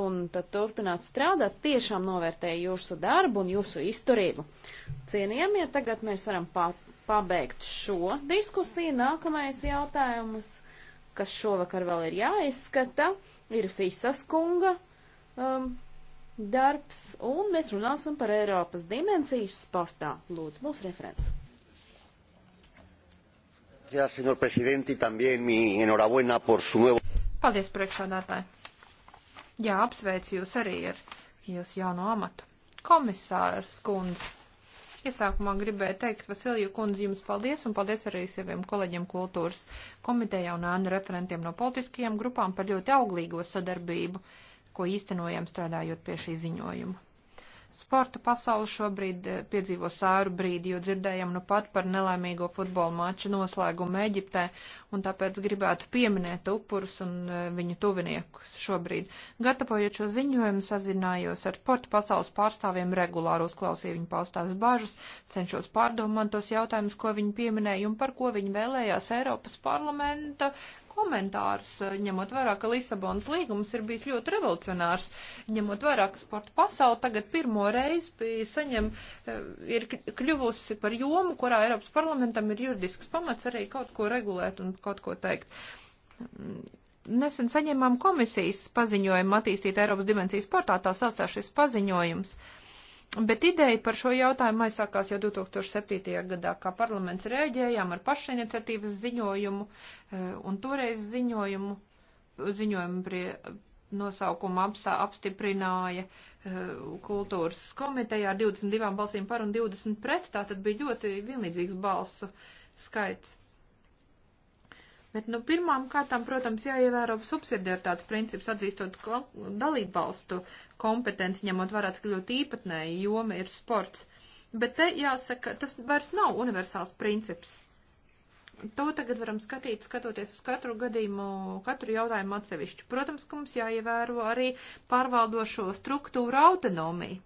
un tad turpināt strādāt, tiešām novērtēju jūsu darbu un jūsu izturību. Cienījamie, tagad mēs varam pa pabeigt šo diskusiju. Nākamais jautājums, kas šovakar vēl ir jāizskata, ir Fisas kunga um, darbs, un mēs runāsim par Eiropas dimensijas sportā. Lūdzu, mūsu referents. Paldies, priekšādātāji! Jā, apsveic jūs arī ar jūsu jauno amatu. Komisārs kundze. Iesākumā gribēju teikt Vasilju kundzi jums paldies un paldies arī saviem kolēģiem kultūras komitejā un ēnu referentiem no politiskajām grupām par ļoti auglīgo sadarbību, ko īstenojam strādājot pie šī ziņojuma. Sporta pasaule šobrīd eh, piedzīvo sāru brīdi, jo dzirdējam nu pat par nelēmīgo futbola maču noslēgumu Eģiptē, un tāpēc gribētu pieminēt upurus un eh, viņu tuviniekus šobrīd. Gatavojot šo ziņojumu, sazinājos ar sporta pasaules pārstāvjiem, regulāri uzklausīju viņu paustās bažas, cenšos pārdomāt tos jautājumus, ko viņi pieminēja un par ko viņi vēlējās Eiropas parlamenta komentārus, eh, ņemot vērā, ka Lisabonas līgums ir bijis ļoti revolucionārs, ņemot vērā, ka sporta pasauli tagad pirmo reizi saņem, eh, ir kļuvusi par jomu, kurā Eiropas parlamentam ir juridisks pamats arī kaut ko regulēt un kaut ko teikt. Mm, nesen saņēmām komisijas paziņojumu attīstīt Eiropas dimensijas sportā, tā saucās šis paziņojums. Uh, Bet ideja par šo jautājumu aizsākās jau 2007. gadā, kā parlaments rēģējām ar pašiniciatīvas ziņojumu e, un toreiz ziņojumu, ziņojumu prie nosaukuma apsā, apstiprināja e, kultūras komitejā ar 22 balsīm par un 20 pret, tā tad bija ļoti vienlīdzīgs balsu skaits. Bet, nu, pirmām kārtām, protams, jāievēro subsidiaritātes princips, atzīstot dalību valstu kompetenci, ņemot vērā, ka ļoti īpatnēji joma ir sports. Bet te jāsaka, tas vairs nav universāls princips. To tagad varam skatīt, skatoties uz katru gadījumu, katru jautājumu atsevišķi. Protams, ka mums jāievēro arī pārvaldošo struktūru autonomiju.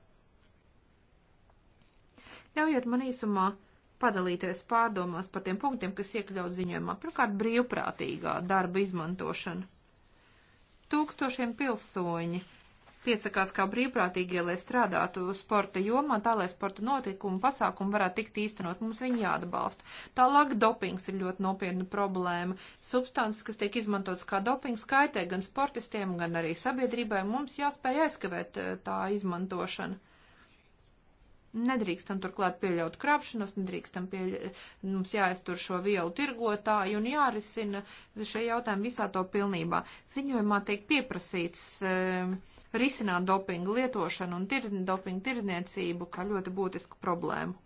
Ļaujiet man īsumā padalīties pārdomās par tiem punktiem, kas iekļaut ziņojumā. Pirmkārt, brīvprātīgā darba izmantošana. Tūkstošiem pilsoņi piesakās kā brīvprātīgie, lai strādātu sporta jomā, tā lai sporta notikumu pasākumu varētu tikt īstenot. Mums viņi jāatbalsta. Tālāk dopings ir ļoti nopietna problēma. Substances, kas tiek izmantotas kā dopings, kaitē gan sportistiem, gan arī sabiedrībai. Mums jāspēj aizskavēt eh, tā izmantošana. Nedrīkstam turklāt pieļaut krāpšanos, nedrīkstam pieļaut, mums jāiztur šo vielu tirgotāju un jārisina šie jautājumi visā to pilnībā. Ziņojumā tiek pieprasīts uh, risināt dopingu lietošanu un tir, dopingu tirdzniecību kā ļoti būtisku problēmu.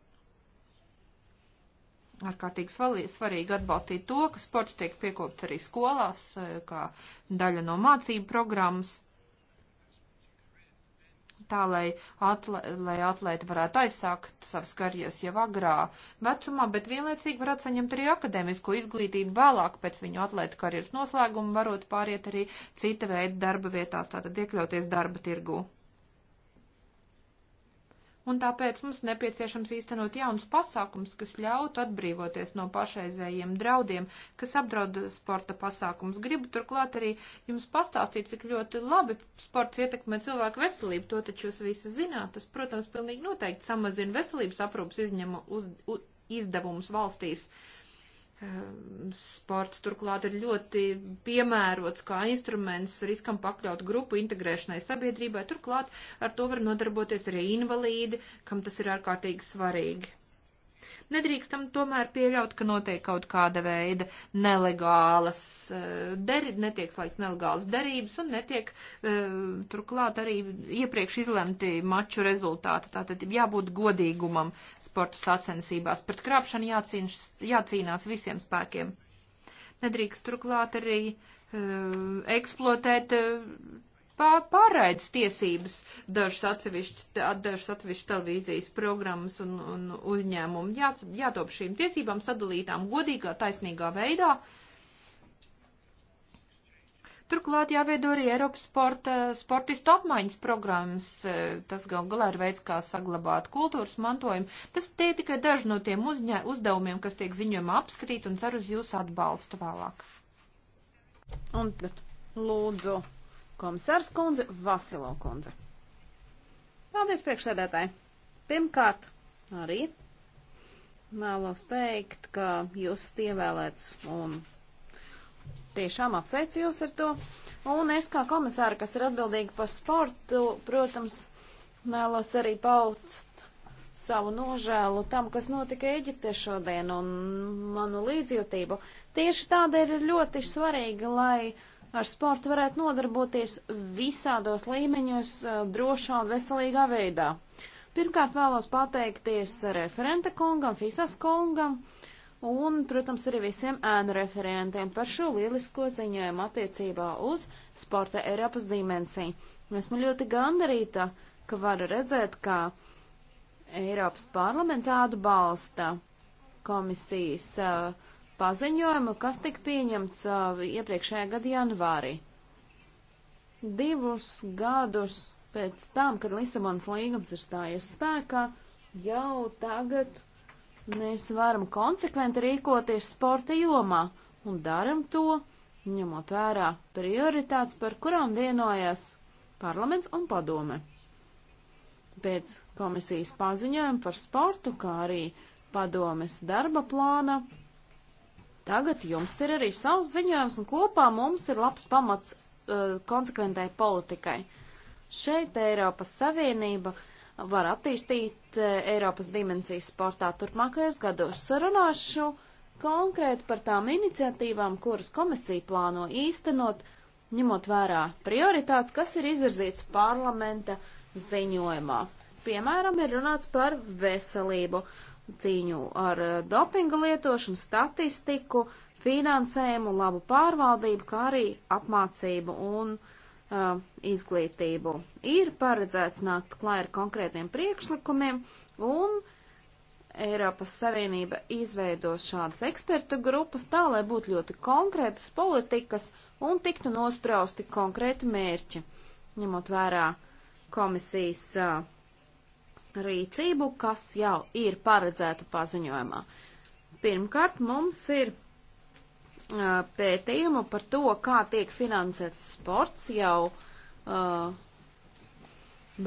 Ārkārtīgi svarīgi atbalstīt to, ka sports tiek piekopts arī skolās, eh, kā daļa no mācību programmas tā, lai, atlē, lai atlēti varētu aizsākt savas karjeras jau agrā vecumā, bet vienlaicīgi varētu saņemt arī akadēmisko izglītību vēlāk pēc viņu atlēta karjeras noslēguma, varot pāriet arī cita veida darba vietās, tātad iekļauties darba tirgū un tāpēc mums nepieciešams īstenot jaunus pasākums, kas ļautu atbrīvoties no pašreizējiem draudiem, kas apdraud sporta pasākums. Gribu turklāt arī jums pastāstīt, cik ļoti labi sports ietekmē cilvēku veselību, to taču jūs visi zināt. Tas, protams, pilnīgi noteikti samazina veselības aprūpas izņemu uz, u, izdevumus valstīs. Uh, Ehm, sports turklāt ir ļoti piemērots kā instruments riskam pakļaut grupu integrēšanai sabiedrībai. Turklāt ar to var nodarboties arī invalīdi, kam tas ir ārkārtīgi svarīgi. Nedrīkstam tomēr pieļaut, ka notiek kaut kāda veida nelegālas, eh, deri, netiek slēgts nelegālas derības un netiek eh, turklāt arī iepriekš izlemti maču rezultāti. Tātad jābūt godīgumam sporta sacensībās. Pret krāpšanu jācīnš, jācīnās visiem spēkiem. Nedrīkst turklāt arī eh, eksploatēt pārraidz tiesības dažas atsevišķas, dažas atsevišķas televīzijas programmas un, un uzņēmumu. Jā, jātop šīm tiesībām sadalītām godīgā, taisnīgā veidā. Turklāt jāveido arī Eiropas sporta, sportistu apmaiņas programmas. E, tas gal galā ir veids, kā saglabāt kultūras mantojumu. Tas tie tikai daži no tiem uzņē, uzdevumiem, kas tiek ziņojumā apskatīt un ceru uz jūsu atbalstu vēlāk. Un, bet, lūdzu, Komisārs kundze, Vasilo kundze. Paldies priekšsēdētāji. Pirmkārt, arī vēlos teikt, ka jūs esat ievēlēts un tiešām apsveicu jūs ar to. Un es kā komisāra, kas ir atbildīga par sportu, protams, vēlos arī paust savu nožēlu tam, kas notika Eģipte šodien un manu līdzjūtību. Tieši tādēļ ir ļoti svarīgi, lai Ar sportu varētu nodarboties visādos līmeņos, eh, drošā un veselīgā veidā. Pirmkārt vēlos pateikties referenta kungam, Fisas kungam un, protams, arī visiem ēnu referentiem par šo lielisko ziņojumu attiecībā uz sporta Eiropas dimensiju. Esmu ļoti gandarīta, ka varu redzēt, ka Eiropas parlaments atbalsta komisijas uh, paziņojumu, kas tika pieņemts uh, iepriekšējā gada janvārī. Divus gadus pēc tam, kad Lisabonas līgums ir stājies spēkā, jau tagad mēs varam konsekventi rīkoties sporta jomā un daram to, ņemot vērā prioritātes, par kurām vienojas parlaments un padome. Pēc komisijas paziņojuma par sportu, kā arī padomes darba plāna Tagad jums ir arī savs ziņojums, un kopā mums ir labs pamats uh, eh, konsekventai politikai. Šeit Eiropas Savienība var attīstīt uh, Eiropas dimensijas sportā turpmākajos gados. Sarunāšu konkrēti par tām iniciatīvām, kuras komisija plāno īstenot, ņemot vērā prioritātes, kas ir izvirzīts parlamenta ziņojumā. Piemēram, ir runāts par veselību. Uh, cīņu ar eh, dopinga lietošanu, statistiku, finansējumu, labu pārvaldību, kā arī apmācību un uh, izglītību. Ir paredzēts nākt klāj ar konkrētiem priekšlikumiem un Eiropas Savienība izveidos šādas ekspertu grupas tā, lai būtu ļoti konkrētas politikas un tiktu nosprausti konkrēti mērķi, ņemot vērā komisijas uh, rīcību, kas jau ir paredzēta paziņojumā. Pirmkārt, mums ir uh, pētījumu par to, kā tiek finansēts sports jau uh,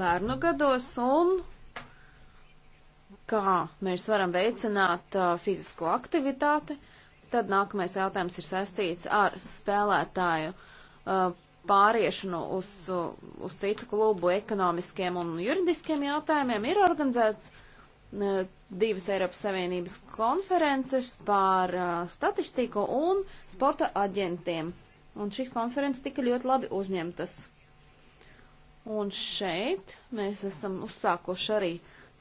bērnu gados un kā mēs varam veicināt uh, fizisko aktivitāti. Tad nākamais jautājums ir saistīts ar spēlētāju uh, pāriešanu uz, uz citu klubu ekonomiskiem un juridiskiem jautājumiem ir organizēts e, divas Eiropas Savienības konferences par uh, statistiku un sporta aģentiem. Un šīs konferences tika ļoti labi uzņemtas. Un šeit mēs esam uzsākuši arī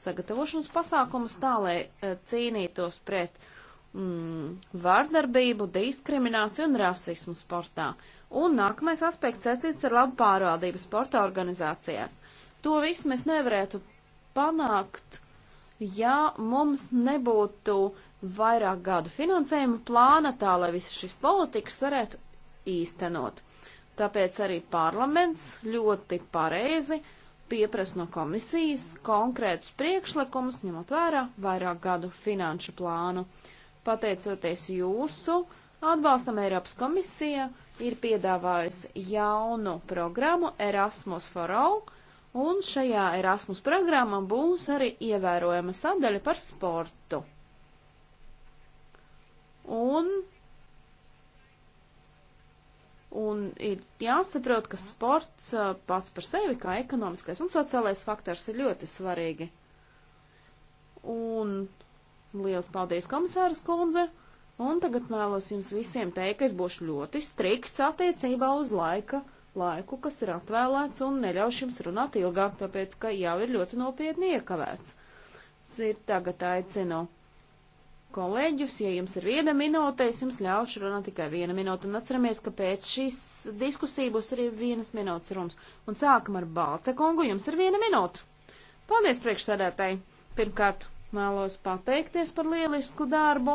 sagatavošanas pasākumus tā, lai uh, cīnītos pret uh, mm, vārdarbību, diskrimināciju un rasismu sportā. Un nākamais aspekts saistīts ar labu pārvaldību sporta organizācijās. To visu mēs nevarētu panākt, ja mums nebūtu vairāk gadu finansējuma plāna tā, lai visas šīs politikas varētu īstenot. Tāpēc arī parlaments ļoti pareizi pieprasa no komisijas konkrētus priekšlikumus, ņemot vērā vairāk gadu finanšu plānu. Uh, Pateicoties jūsu atbalstam, Eiropas komisija ir piedāvājusi jaunu programmu Erasmus for All, un šajā Erasmus programmā būs arī ievērojama sadaļa par sportu. Un Un ir jāsaprot, ka sports uh, pats par sevi, kā ekonomiskais un sociālais faktors, ir ļoti svarīgi. Un Lielas paldies, komisāras kundze! Un tagad vēlos jums visiem teikt, ka es būšu ļoti strikts attiecībā uz laika, laiku, kas ir atvēlēts, un neļaušu jums runāt ilgāk, tāpēc, ka jau ir ļoti nopietni iekavēts. Es ir tagad aicinu kolēģus, ja jums ir viena minūte, es jums ļaušu runāt tikai viena minūte, un atceramies, ka pēc šīs diskusijas būs arī vienas minūtes runas. Un sākam ar Balce kungu, jums ir viena minūte. Paldies priekšsēdētāji! Pirmkārt, Vēlos pateikties par lielisku darbu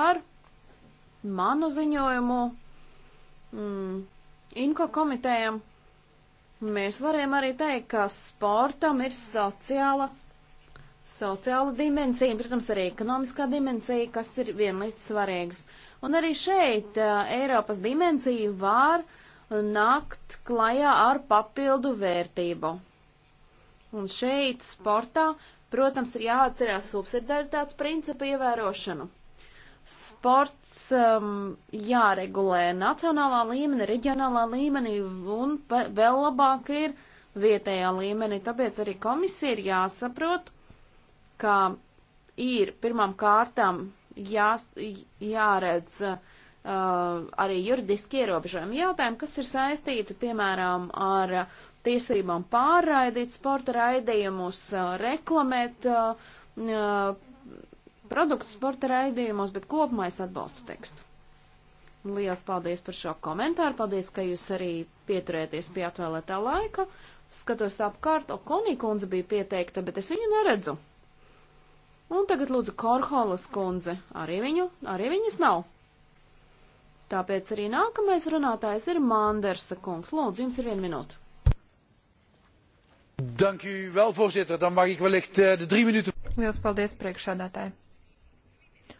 ar manu ziņojumu mm, Inko komitējam. Mēs varējām arī teikt, ka sportam ir sociāla, sociāla dimensija, un, protams, arī ekonomiskā dimensija, kas ir vienlīdz svarīgas. Un arī šeit Eiropas dimensija var nākt klajā ar papildu vērtību. Un šeit sportā Protams, ir jāatcerās subsidiaritātes principu ievērošanu. Sports um, jāregulē nacionālā līmenī, reģionālā līmenī un vēl labāk ir vietējā līmenī. Tāpēc arī komisija ir jāsaprot, ka ir pirmām kārtām jā, jāredz uh, arī juridiski ierobežojumi jautājumi, kas ir saistīti, piemēram, ar uh, tiesībām pārraidīt sporta raidījumus, reklamēt produktu sporta raidījumos, bet kopumā es atbalstu tekstu. Lielas paldies par šo komentāru, paldies, ka jūs arī pieturēties pie atvēlētā laika. Skatos apkārt, Okonī kundze bija pieteikta, bet es viņu neredzu. Un tagad lūdzu Korholas kundze, arī viņu, arī viņas nav. Tāpēc arī nākamais runātājs ir Mandersa kungs. Lūdzu, jums ir viena minūte. Voorzitter, dan mag ik wellicht eh, de drie minūtes. Lielas paldies priekšādātāji.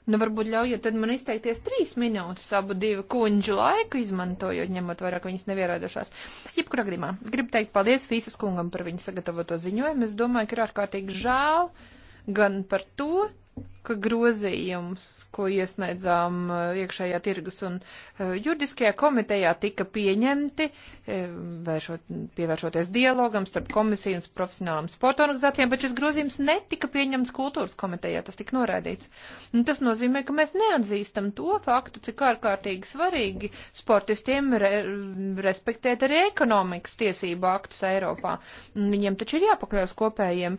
Nu, varbūt ļaujiet tad man izteikties trīs minūtes abu divu kunģu laiku izmantojot, ņemot vairāk viņas nevierodušās. Jebkurā gadījumā, gribu teikt paldies Fīsas kungam par viņu sagatavoto ziņojumu. Es domāju, ka ir ārkārtīgi žēl gan par to, ka grozījums, ko iesniedzām uh, iekšējā tirgus un uh, juridiskajā komitejā, tika pieņemti, uh, vēršot, pievēršoties dialogam starp komisiju un profesionālām sporta organizācijām, bet šis grozījums netika pieņemts kultūras komitejā, tas tika noraidīts. Un tas nozīmē, ka mēs neatzīstam to faktu, cik ārkārtīgi svarīgi sportistiem re, respektēt arī ekonomikas tiesību aktus Eiropā. Viņiem taču ir jāpakļaus kopējiem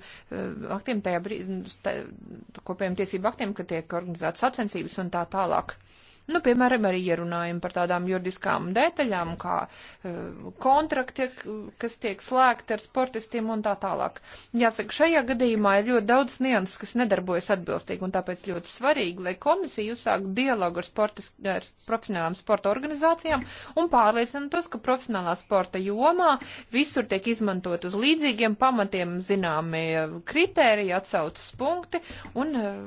aktiem tajā brīdī, kopējiem tiesību tiesību aktiem, ka tiek organizētas sacensības un tā tālāk. Nu, piemēram, arī ierunājam par tādām juridiskām detaļām, kā uh, kontrakti, kas tiek slēgti ar sportistiem un tā tālāk. Jāsaka, šajā gadījumā ir ļoti daudz nianses, kas nedarbojas atbilstīgi, un tāpēc ļoti svarīgi, lai komisija uzsāk dialogu ar, sportis, ar profesionālām sporta organizācijām un pārliecinātos, ka profesionālā sporta jomā visur tiek izmantot uz līdzīgiem pamatiem zināmi kritēriji, atsaucas punkti, un uh,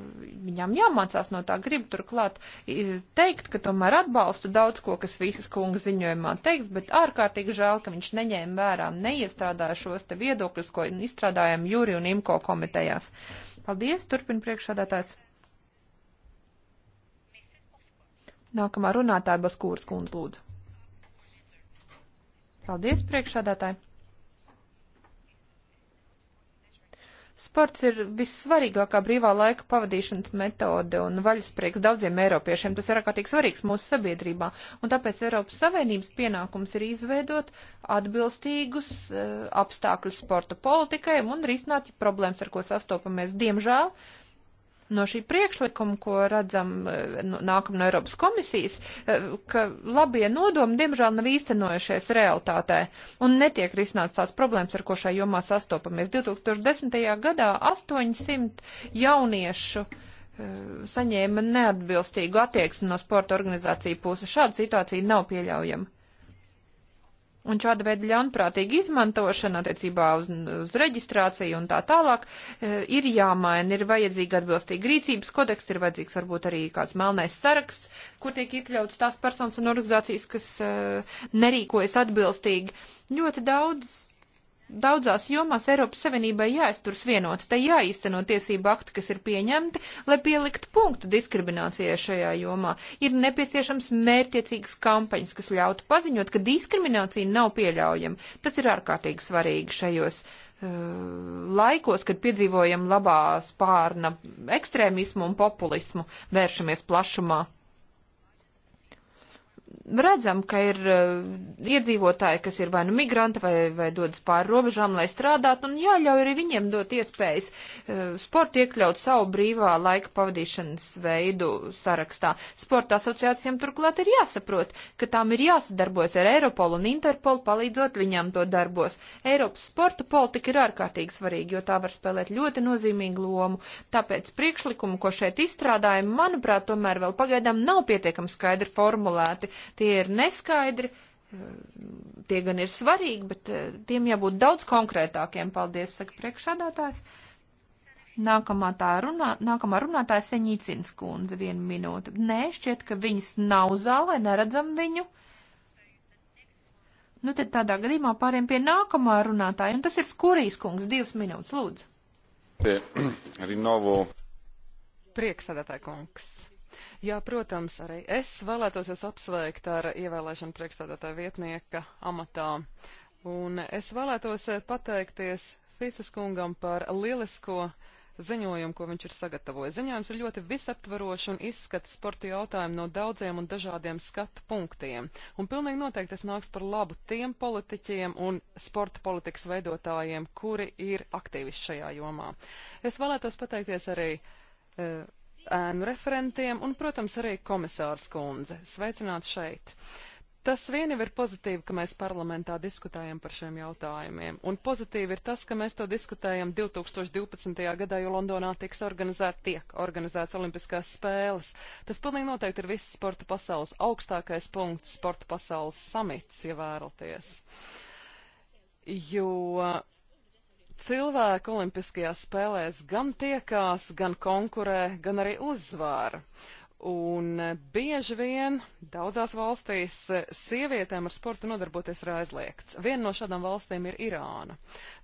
viņām jāmācās no tā grib turklāt. Eh, te teikt, ka tomēr atbalstu daudz ko, kas visas kungas ziņojumā teiks, bet ārkārtīgi žēl, ka viņš neņēma vērā, neiestrādāja šos te viedokļus, ko izstrādājam Jūri un Imko komitejās. Paldies, turpin priekšādātājs. Nākamā runātāja Baskūras kundz lūdzu. Paldies, priekšādātāji. Sports ir vissvarīgākā brīvā laika pavadīšanas metode un vaļasprieks daudziem eiropiešiem. Tas ir ārkārtīgi svarīgs mūsu sabiedrībā, un tāpēc Eiropas Savienības pienākums ir izveidot atbilstīgus uh, apstākļus sporta politikai un risināt problēmas, ar ko sastopamies. Diemžēl no šī priekšlikuma, ko redzam e, nu, nākam no Eiropas komisijas, e, ka labie nodomi, diemžēl, nav īstenojušies realitātē un netiek risināts tās problēmas, ar ko šai jomā sastopamies. 2010. gadā 800 jauniešu e, saņēma neatbilstīgu attieksmi no sporta organizāciju puses. Šāda situācija nav pieļaujama. Un šāda veida ļaunprātīga izmantošana attiecībā uz, uz reģistrāciju un tā tālāk e, ir jāmaina, ir vajadzīga atbilstīga rīcības kodeks, ir vajadzīgs varbūt arī kāds melnais saraksts, kur tiek iekļauts tās personas un organizācijas, kas e, nerīkojas atbilstīgi. Ļoti daudz daudzās jomās Eiropas Savienībai jāizturas vienot, tai jāīsteno tiesību akti, kas ir pieņemti, lai pieliktu punktu diskriminācijai šajā jomā. Ir nepieciešams mērķiecīgas kampaņas, kas ļautu paziņot, ka diskriminācija nav pieļaujama. Tas ir ārkārtīgi svarīgi šajos uh, laikos, kad piedzīvojam labā spārna ekstrēmismu un populismu, vēršamies plašumā redzam, ka ir eh, iedzīvotāji, kas ir vai nu migranti, vai, vai dodas pāri robežām, lai strādātu, un jāļauj arī viņiem dot iespējas eh, sportu iekļaut savu brīvā laika pavadīšanas veidu sarakstā. Sporta asociācijām turklāt ir jāsaprot, ka tām ir jāsadarbojas ar Eiropolu un Interpolu, palīdzot viņām to darbos. Eiropas sporta politika ir ārkārtīgi svarīga, jo tā var spēlēt ļoti nozīmīgu lomu. Tāpēc priekšlikumu, ko šeit izstrādājam, manuprāt, tomēr vēl pagaidām nav pietiekami skaidri formulēti Tie ir neskaidri, eh, tie gan ir svarīgi, bet eh, tiem jābūt daudz konkrētākiem. Paldies, saka priekšādātājs. Nākamā tā runā, nākamā runātāja Seņīcins kundze, viena minūte. Nē, šķiet, ka viņas nav zālē, neredzam viņu. Nu, tad tādā gadījumā pāriem pie nākamā runātāja, un tas ir Skurijas kungs, divas minūtes, lūdzu. Rinovo. Prieksadatāja kungs. Jā, protams, arī es vēlētos jūs apsveikt ar ievēlēšanu priekšstādātāja vietnieka amatā. Un es vēlētos pateikties Fīsas kungam par lielisko ziņojumu, ko viņš ir sagatavojis. Ziņojums ir ļoti visaptvarošs un izskata sporta jautājumu no daudziem un dažādiem skatu punktiem. Un pilnīgi noteikti tas nāks par labu tiem politiķiem un sporta politikas veidotājiem, kuri ir aktīvisti šajā jomā. Es vēlētos pateikties arī e, ēnu referentiem un, protams, arī komisārs kundze. Sveicināt šeit! Tas vien jau ir pozitīvi, ka mēs parlamentā diskutējam par šiem jautājumiem, un pozitīvi ir tas, ka mēs to diskutējam 2012. gadā, jo Londonā tiks organizēt, tiek organizēts Olimpiskās spēles. Tas pilnīgi noteikti ir viss sporta pasaules augstākais punkts, sporta pasaules samits, ja vēlaties. Jo cilvēki Olimpiskajās spēlēs gan tiekās, gan konkurē, gan arī uzvāra. Un e, bieži vien daudzās valstīs e, sievietēm ar sportu nodarboties ir aizliegts. Viena no šādām valstīm ir Irāna.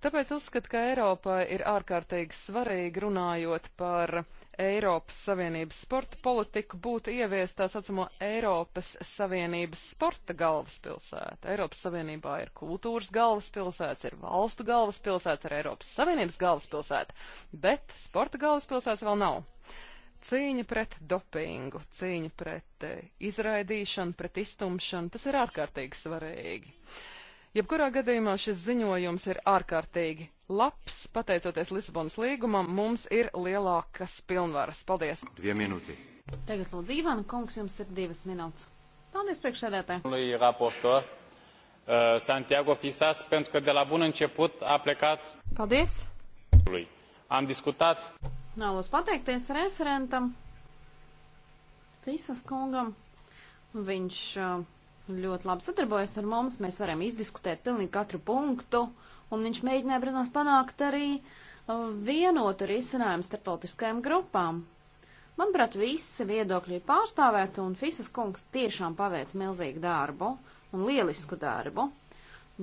Tāpēc uzskatu, ka Eiropai ir ārkārtīgi svarīgi runājot par Eiropas Savienības sporta politiku, būtu ieviest tā saucamo Eiropas Savienības sporta galvaspilsētu. Eiropas Savienībā ir kultūras galvaspilsēts, ir valstu galvaspilsēts, ir Eiropas Savienības galvaspilsēta, bet sporta galvaspilsēts vēl nav cīņa pret dopingu, cīņa pret eh, izraidīšanu, pret iztumšanu, tas ir ārkārtīgi svarīgi. Jebkurā gadījumā šis ziņojums ir ārkārtīgi labs. Pateicoties Lisabonas līgumam, mums ir lielākas pilnvaras. Paldies! Diviem minūtī. Tagad, lūdzu, Ivana kungs, jums ir divas minūtes. Paldies, priekšsēdētāji! Eh, Santiago Fisas, pentru că de la bun început a plecat. Paldies! Am discutat Vēlos pateikties referentam, Fisas kungam. Viņš uh, ļoti labi sadarbojas ar mums, mēs varam izdiskutēt pilnīgi katru punktu, un viņš mēģināja, protams, panākt arī uh, vienotu risinājumu starptautiskajām grupām. Manuprāt, visi viedokļi ir pārstāvēti, un Fisas kungs tiešām paveic milzīgu darbu un lielisku darbu,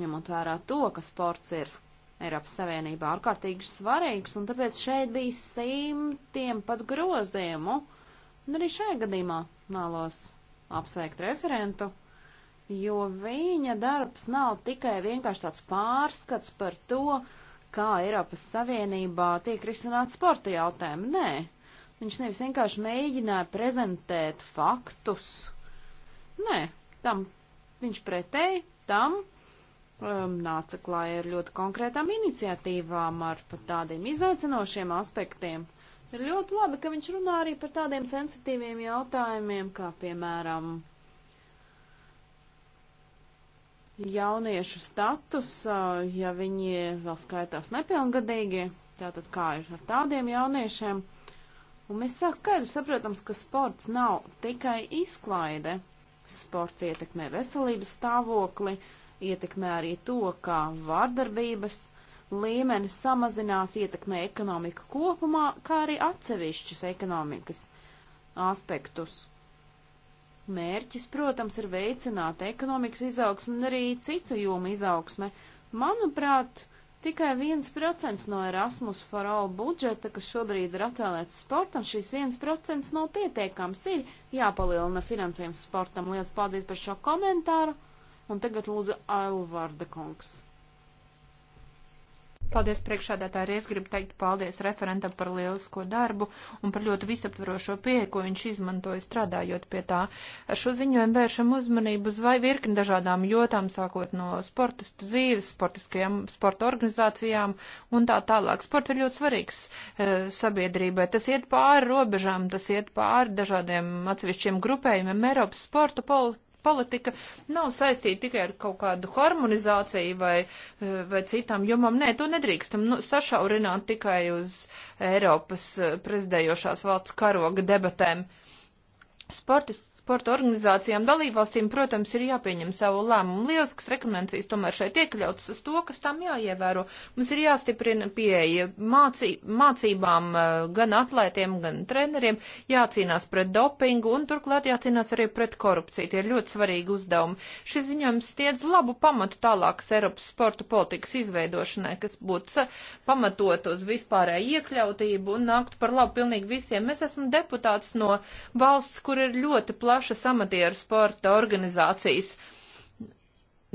ņemot vērā to, ka sports ir Eiropas Savienībā ārkārtīgi svarīgs, un tāpēc šeit bija simtiem pat grozījumu. Un arī šajā gadījumā vēlos apsveikt referentu, jo viņa darbs nav tikai vienkārši tāds pārskats par to, kā Eiropas Savienībā tiek risināt sporta jautājumi. Nē, viņš nevis vienkārši mēģināja prezentēt faktus. Nē, tam viņš pretēji tam um, nāca klāja ar ļoti konkrētām iniciatīvām, ar pat tādiem izaicinošiem aspektiem. Ir ļoti labi, ka viņš runā arī par tādiem sensitīviem jautājumiem, kā piemēram jauniešu status, uh, ja viņi vēl skaitās nepilngadīgi, tātad kā ir ar tādiem jauniešiem. Un mēs skaidri saprotams, ka sports nav tikai izklaide. Sports ietekmē veselības stāvokli, uh, ietekmē arī to, kā vārdarbības līmenis samazinās, ietekmē ekonomiku kopumā, kā arī atsevišķus ekonomikas aspektus. Mērķis, protams, ir veicināt ekonomikas izaugsmu un arī citu jomu izaugsme. Manuprāt, tikai 1% no Erasmus for All budžeta, kas šobrīd ir atvēlēts sportam, šis 1% nav pietiekams. Ir jāpalielina finansējums sportam. Lielas paldies par šo komentāru! Un tagad lūdzu Ailvārda kungs. Paldies priekšādātāji, es gribu teikt paldies referentam par lielisko darbu un par ļoti visaptverošo pieeju, ko viņš izmantoja strādājot pie tā. Ar šo ziņojumu vēršam uzmanību uz vai virkni dažādām jotām, sākot no sportista dzīves, sportiskajām sporta organizācijām un tā tālāk. Sports ir ļoti svarīgs e, sabiedrībai. Tas iet pāri robežām, tas iet pāri dažādiem atsevišķiem grupējumiem. Eiropas sporta politika politika nav saistīta tikai ar kaut kādu harmonizāciju vai, eh, vai citām jomām. Nē, to nedrīkstam nu, sašaurināt tikai uz Eiropas eh, prezidējošās valsts karoga debatēm. Sportis, sporta organizācijām dalībvalstīm, protams, ir jāpieņem savu lēmumu. Lielisks rekomendācijas tomēr šeit iekļautas uz to, kas tam jāievēro. Mums ir jāstiprina pieeja mācī, mācībām eh, gan atlētiem, gan treneriem, jācīnās pret dopingu un turklāt jācīnās arī pret korupciju. Tie ir ļoti svarīgi uzdevumi. Šis ziņojums stiedz labu pamatu tālākas Eiropas sporta politikas izveidošanai, kas būtu pamatot uz vispārēju iekļautību un nāktu par labu pilnīgi visiem. Mēs esam deputāts no valsts, kur ir ļoti plaši pašas amatieru sporta organizācijas uh,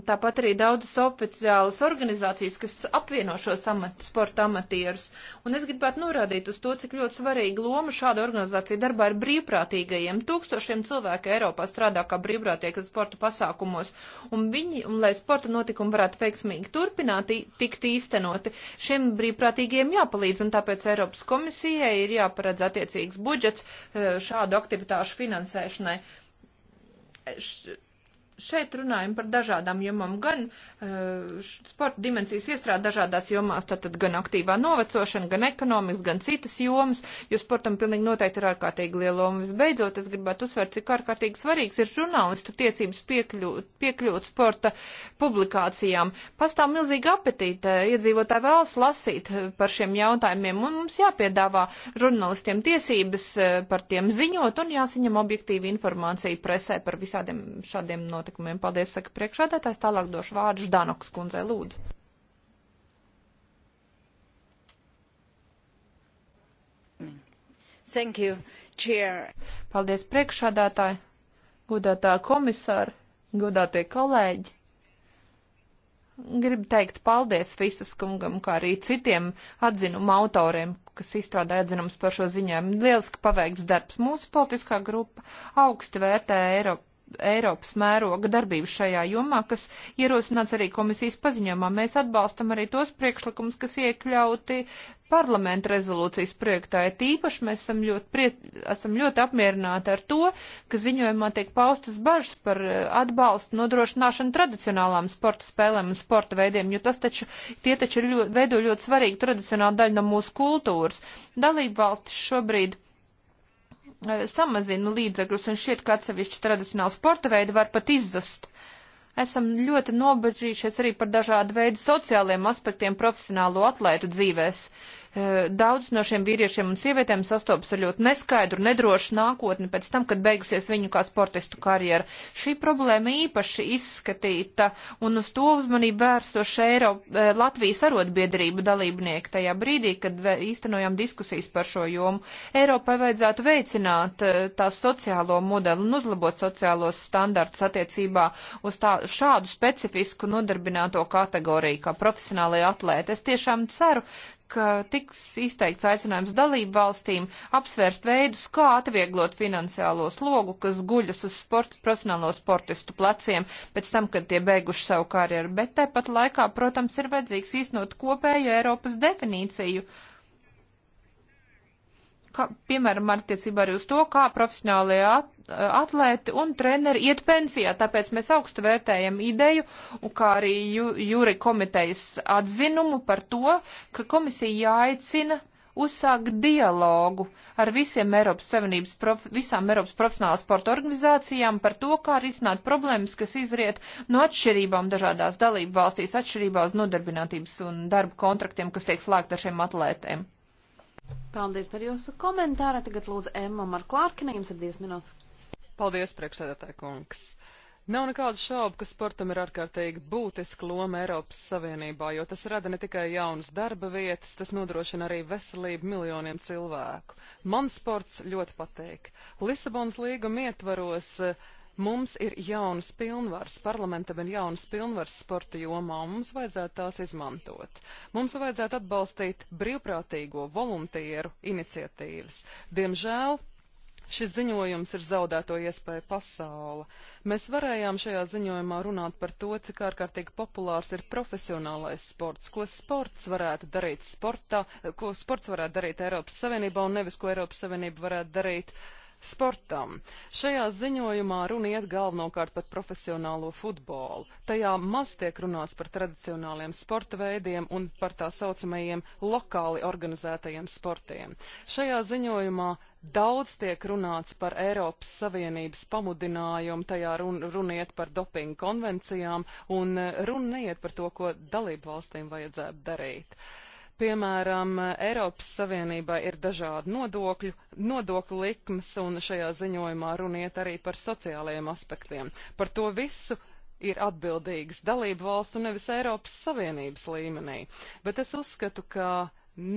Tāpat arī daudzas oficiālas organizācijas, kas apvieno šos amat, sporta amatierus. Un es gribētu norādīt uz to, cik ļoti svarīga loma šāda organizācija darbā ir brīvprātīgajiem. Tūkstošiem cilvēku Eiropā strādā kā brīvprātīgi sporta pasākumos, un viņi, un lai sporta notikumi varētu veiksmīgi turpināt, tikt īstenoti, šiem brīvprātīgajiem jāpalīdz, un tāpēc Eiropas komisijai ir jāparedz attiecīgs budžets eh, šādu aktivitāšu finansēšanai šeit runājam par dažādām jomām, gan uh, sporta dimensijas iestrādā dažādās jomās, tātad gan aktīvā novecošana, gan ekonomikas, gan citas jomas, jo sportam pilnīgi noteikti ir ārkārtīgi liela loma. Visbeidzot, es gribētu uzsvērt, cik ārkārtīgi svarīgs ir žurnālistu tiesības piekļūt, piekļūt sporta publikācijām. Pastāv milzīga apetīte, iedzīvotāji vēlas lasīt eh, par šiem jautājumiem, un mums jāpiedāvā žurnālistiem tiesības eh, par tiem ziņot un jāsaņem objektīva informācija presē par visādiem šādiem notikumiem notikumiem. Paldies, saka priekšādātājs. Tālāk došu vārdu Ždanoks kundzei lūdzu. Thank you, chair. Paldies, priekšādātāji, godātā komisāra, godātie kolēģi. Gribu teikt paldies visas kungam, kā arī citiem atzinuma autoriem, kas izstrādāja atzinums par šo ziņojumu. Lieliski paveikts darbs. Mūsu politiskā grupa augsti vērtē Eiropu Eiropas mēroga darbību šajā jomā, kas ierosināts arī komisijas paziņojumā. Mēs atbalstam arī tos priekšlikumus, kas iekļauti parlamenta rezolūcijas projektā. Ir tīpaši mēs esam ļoti, prie, esam ļoti apmierināti ar to, ka ziņojumā tiek paustas bažas par eh, atbalstu nodrošināšanu tradicionālām sporta spēlēm un sporta veidiem, jo tas taču, tie taču ir ļoti, veido ļoti svarīgu tradicionālu daļu no mūsu kultūras. Dalību valstis šobrīd E, samazina līdzekļus, un šķiet, ka atsevišķi tradicionāli sporta veidi var pat izzust. Esam ļoti nobežījušies arī par dažādu veidu sociāliem aspektiem profesionālo atlētu dzīvēs. Uh, Eh, daudz no šiem vīriešiem un sievietēm sastopas ar ļoti neskaidru, nedrošu nākotni pēc tam, kad beigusies viņu kā sportistu karjera. Šī problēma īpaši izskatīta un uz to uzmanību vērsoša Eiro, eh, Latvijas arotbiedrību dalībnieki tajā brīdī, kad īstenojām diskusijas par šo jomu. Eiropai vajadzētu veicināt eh, tās sociālo modeli un uzlabot sociālos standartus attiecībā uz tā, šādu specifisku nodarbināto kategoriju kā profesionālai atlēti. Es tiešām ceru, ka tiks izteikts aicinājums dalību valstīm apsvērst veidus, kā atvieglot finansiālo slogu, kas guļas uz sports, profesionālo sportistu pleciem pēc tam, kad tie beiguši savu karjeru. Bet tepat laikā, protams, ir vajadzīgs īstenot kopēju Eiropas definīciju kā, piemēram, attiecībā arī uz to, kā profesionālie at, atlēti un treneri iet pensijā. Tāpēc mēs augstu vērtējam ideju, kā arī jū, jūri komitejas atzinumu par to, ka komisija jāaicina uzsākt dialogu ar visiem Eiropas Savienības, prof, visām Eiropas profesionālās sporta organizācijām par to, kā risināt problēmas, kas izriet no atšķirībām dažādās dalību valstīs, atšķirībā uz nodarbinātības un darba kontraktiem, kas tiek slēgt ar šiem atlētēm. Paldies par jūsu komentāru. Tagad lūdzu Emma Marklārkina, jums ir divas minūtes. Paldies, priekšsēdētāji kungs. Nav nekādu šaubu, ka sportam ir ārkārtīgi būtiska loma Eiropas Savienībā, jo tas rada ne tikai jaunas darba vietas, tas nodrošina arī veselību miljoniem cilvēku. Man sports ļoti patīk. Lisabonas līguma ietvaros uh, Mums ir jaunas pilnvaras, parlamentam ir jaunas pilnvaras sporta jomā, un mums vajadzētu tās izmantot. Mums vajadzētu atbalstīt brīvprātīgo voluntieru iniciatīvas. Diemžēl Šis ziņojums ir zaudēto iespēju pasaule. Mēs varējām šajā ziņojumā runāt par to, cik ārkārtīgi populārs ir profesionālais sports, ko sports varētu darīt sportā, ko sports varētu darīt Eiropas Savienībā un nevis, ko Eiropas Savienība varētu darīt uh, sportam. Šajā ziņojumā runa iet galvenokārt par profesionālo futbolu. Tajā maz tiek runāts par tradicionāliem sporta veidiem un par tā saucamajiem lokāli organizētajiem sportiem. Šajā ziņojumā daudz tiek runāts par Eiropas Savienības pamudinājumu, tajā run, runiet par dopingu konvencijām un eh, runiet par to, ko dalību valstīm vajadzētu darīt. Uh, Piemēram, Eiropas Savienībā ir dažādi nodokļu, nodokļu likmes, un šajā ziņojumā runiet arī par sociālajiem aspektiem. Par to visu ir atbildīgas dalību valstu nevis Eiropas Savienības līmenī. Bet es uzskatu, ka,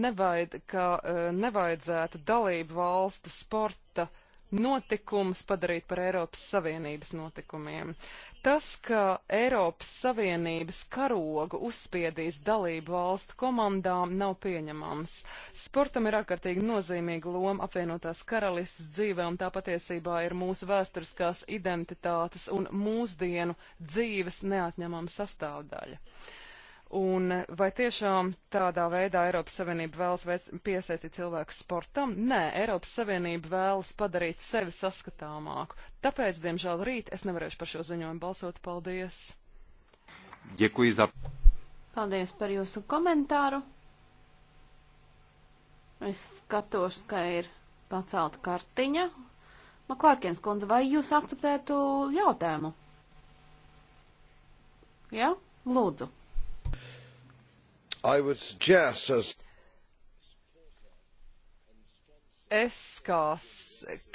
nevajad, ka eh, nevajadzētu dalību valstu sporta uh, notikumus padarīt par Eiropas Savienības notikumiem. Tas, ka Eiropas Savienības karogu uzspiedīs dalību valstu komandām, nav pieņemams. Sportam ir ārkārtīgi nozīmīga loma apvienotās karalistas dzīvē, un tā patiesībā ir mūsu vēsturiskās identitātes un mūsdienu dzīves neatņemama sastāvdaļa. Un vai tiešām tādā veidā Eiropas Savienība vēlas piesaistīt cilvēku sportam? Nē, Eiropas Savienība vēlas padarīt sevi saskatāmāku. Tāpēc, diemžēl, rīt es nevarēšu par šo ziņojumu balsot. Paldies! Děkuji za... Paldies par jūsu komentāru. Es skatos, ka ir pacelta kartiņa. Maklārkins kundze, vai jūs akceptētu jautājumu? Jā, ja? lūdzu. I would suggest as es kā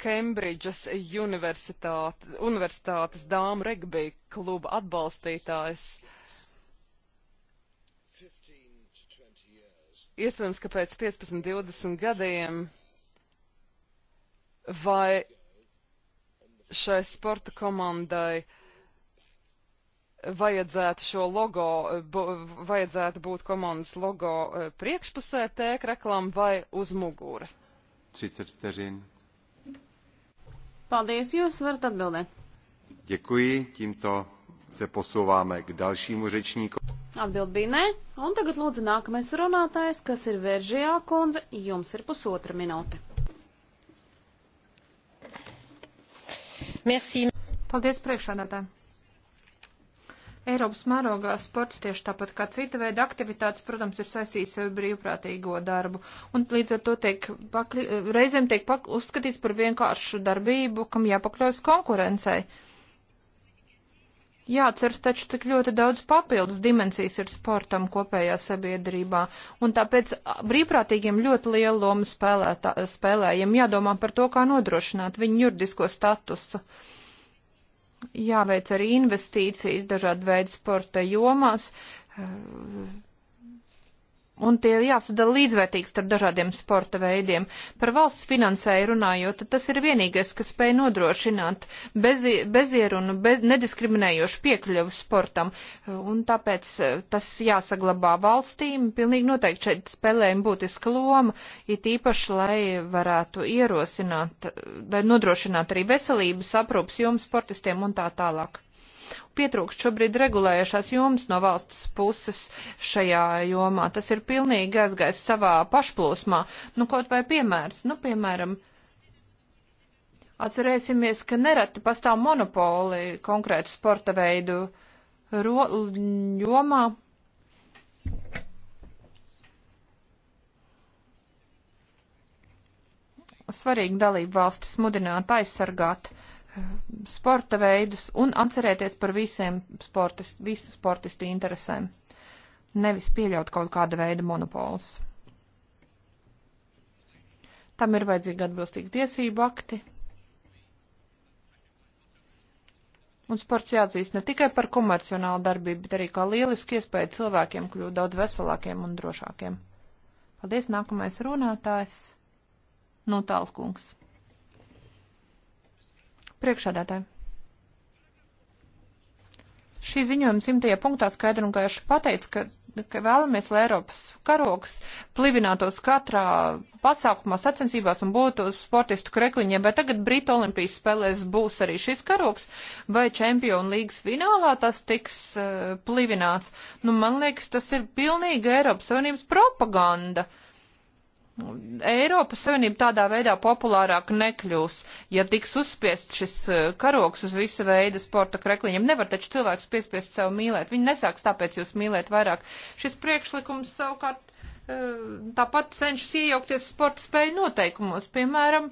Kembridžas universitāte, universitātes dāmu regbija kluba atbalstītājs. Iespējams, ka pēc 15, 20 gadiem vai šai sporta komandai uh, vajadzētu šo logo, bu, vajadzētu būt komandas logo e, priekšpusē tēkreklam vai uz muguras? Paldies, jūs varat atbildēt. Děkuji, tímto se posouváme k dalšímu řečníku. Atbild bija nē, un tagad lūdzu nākamais runātājs, kas ir Veržijā kundze, jums ir pusotra minūte. Merci. Paldies priekšādātājai. Eiropas mērogā sports tieši tāpat kā cita veida aktivitātes, protams, ir saistīts ar brīvprātīgo darbu. Un līdz ar to tiek pakli, reizēm tiek pak, uzskatīts par vienkāršu darbību, kam jāpakļaus konkurencei. Jāceras taču, cik ļoti daudz papildus dimensijas ir sportam kopējā sabiedrībā, un tāpēc brīvprātīgiem ļoti lielu lomu spēlē, spēlējiem jādomā par to, kā nodrošināt viņu juridisko statusu. Uh, jāveic arī investīcijas dažādu veidu sporta jomās, Un tie jāsadala līdzvērtīgs starp dažādiem sporta veidiem. Par valsts finansēju runājot, tas ir vienīgais, kas spēj nodrošināt bez, bezierunu, bez, nediskriminējošu piekļuvu sportam. Un tāpēc eh, tas jāsaglabā valstīm. Pilnīgi noteikti šeit spēlējumi būtiska loma, it īpaši, lai varētu ierosināt, lai eh, nodrošināt arī veselības aprūpas jomu sportistiem un tā tālāk. Pietrūkst šobrīd regulējušās jomas no valsts puses šajā jomā. Tas ir pilnīgi aizgājis savā pašplūsmā. Nu, kaut vai piemērs, nu, piemēram, Atcerēsimies, ka nereti pastāv monopoli konkrētu sporta veidu ro, jomā. Svarīgi dalību valstis mudināt aizsargāt uh, sporta veidus un atcerēties par visiem sportist, visu sportistu interesēm. Nevis pieļaut kaut kāda veida monopolus. Tam ir vajadzīgi atbilstīgi tiesību akti. Un sports jāatzīst ne tikai par komercionālu darbību, bet arī kā lielisku iespēju cilvēkiem kļūt daudz veselākiem un drošākiem. Paldies, nākamais runātājs. Nu, tālkungs. Priekšādātāji. Šī ziņojuma simtajā punktā skaidri un gaiši pateica, ka, ka vēlamies, lai Eiropas karoks plivinātos katrā pasākumā, sacensībās un būtu uz sportistu krekliņiem, vai tagad Brita Olimpijas spēlēs būs arī šis karoks, vai Čempionu līgas finālā tas tiks uh, plivināts. Nu, man liekas, tas ir pilnīgi Eiropas Savienības propaganda. Uh, Eiropas Savienība tādā veidā populārāk nekļūs, ja tiks uzspiest šis eh, karoks uz visa veida sporta krekliņiem. Nevar taču cilvēks piespiest sev mīlēt. Viņi nesāks tāpēc jūs mīlēt vairāk. Šis priekšlikums savukārt eh, tāpat cenšas iejaukties sporta spēļu noteikumos. Piemēram,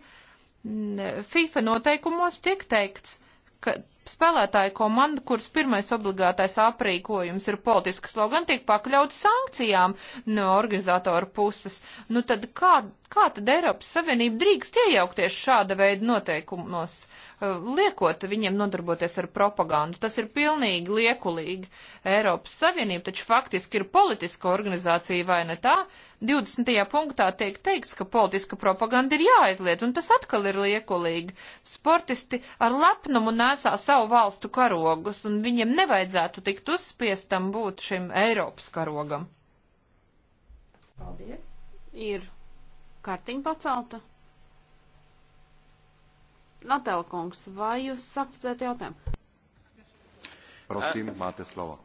FIFA noteikumos tiek teikts, ka spēlētāja komanda, kuras pirmais obligātais aprīkojums ir politiski slogan, tiek pakļauts sankcijām no organizatora puses. Nu tad kā, kā tad Eiropas Savienība drīkst iejaukties šāda veida noteikumos, eh, liekot viņiem nodarboties ar propagandu? Tas ir pilnīgi liekulīgi. Eiropas Savienība taču faktiski ir politiska organizācija, vai ne tā? Uh, 20. punktā tiek teikts, ka politiska propaganda ir jāizliet, un tas atkal ir liekulīgi. Sportisti ar lepnumu nesā savu valstu karogus, un viņiem nevajadzētu tikt uzspiestam būt šim Eiropas karogam. Paldies. Ir kartiņa pacelta. Natāla kungs, vai jūs sakat pēc jautājumu? Prosím, máte slovo.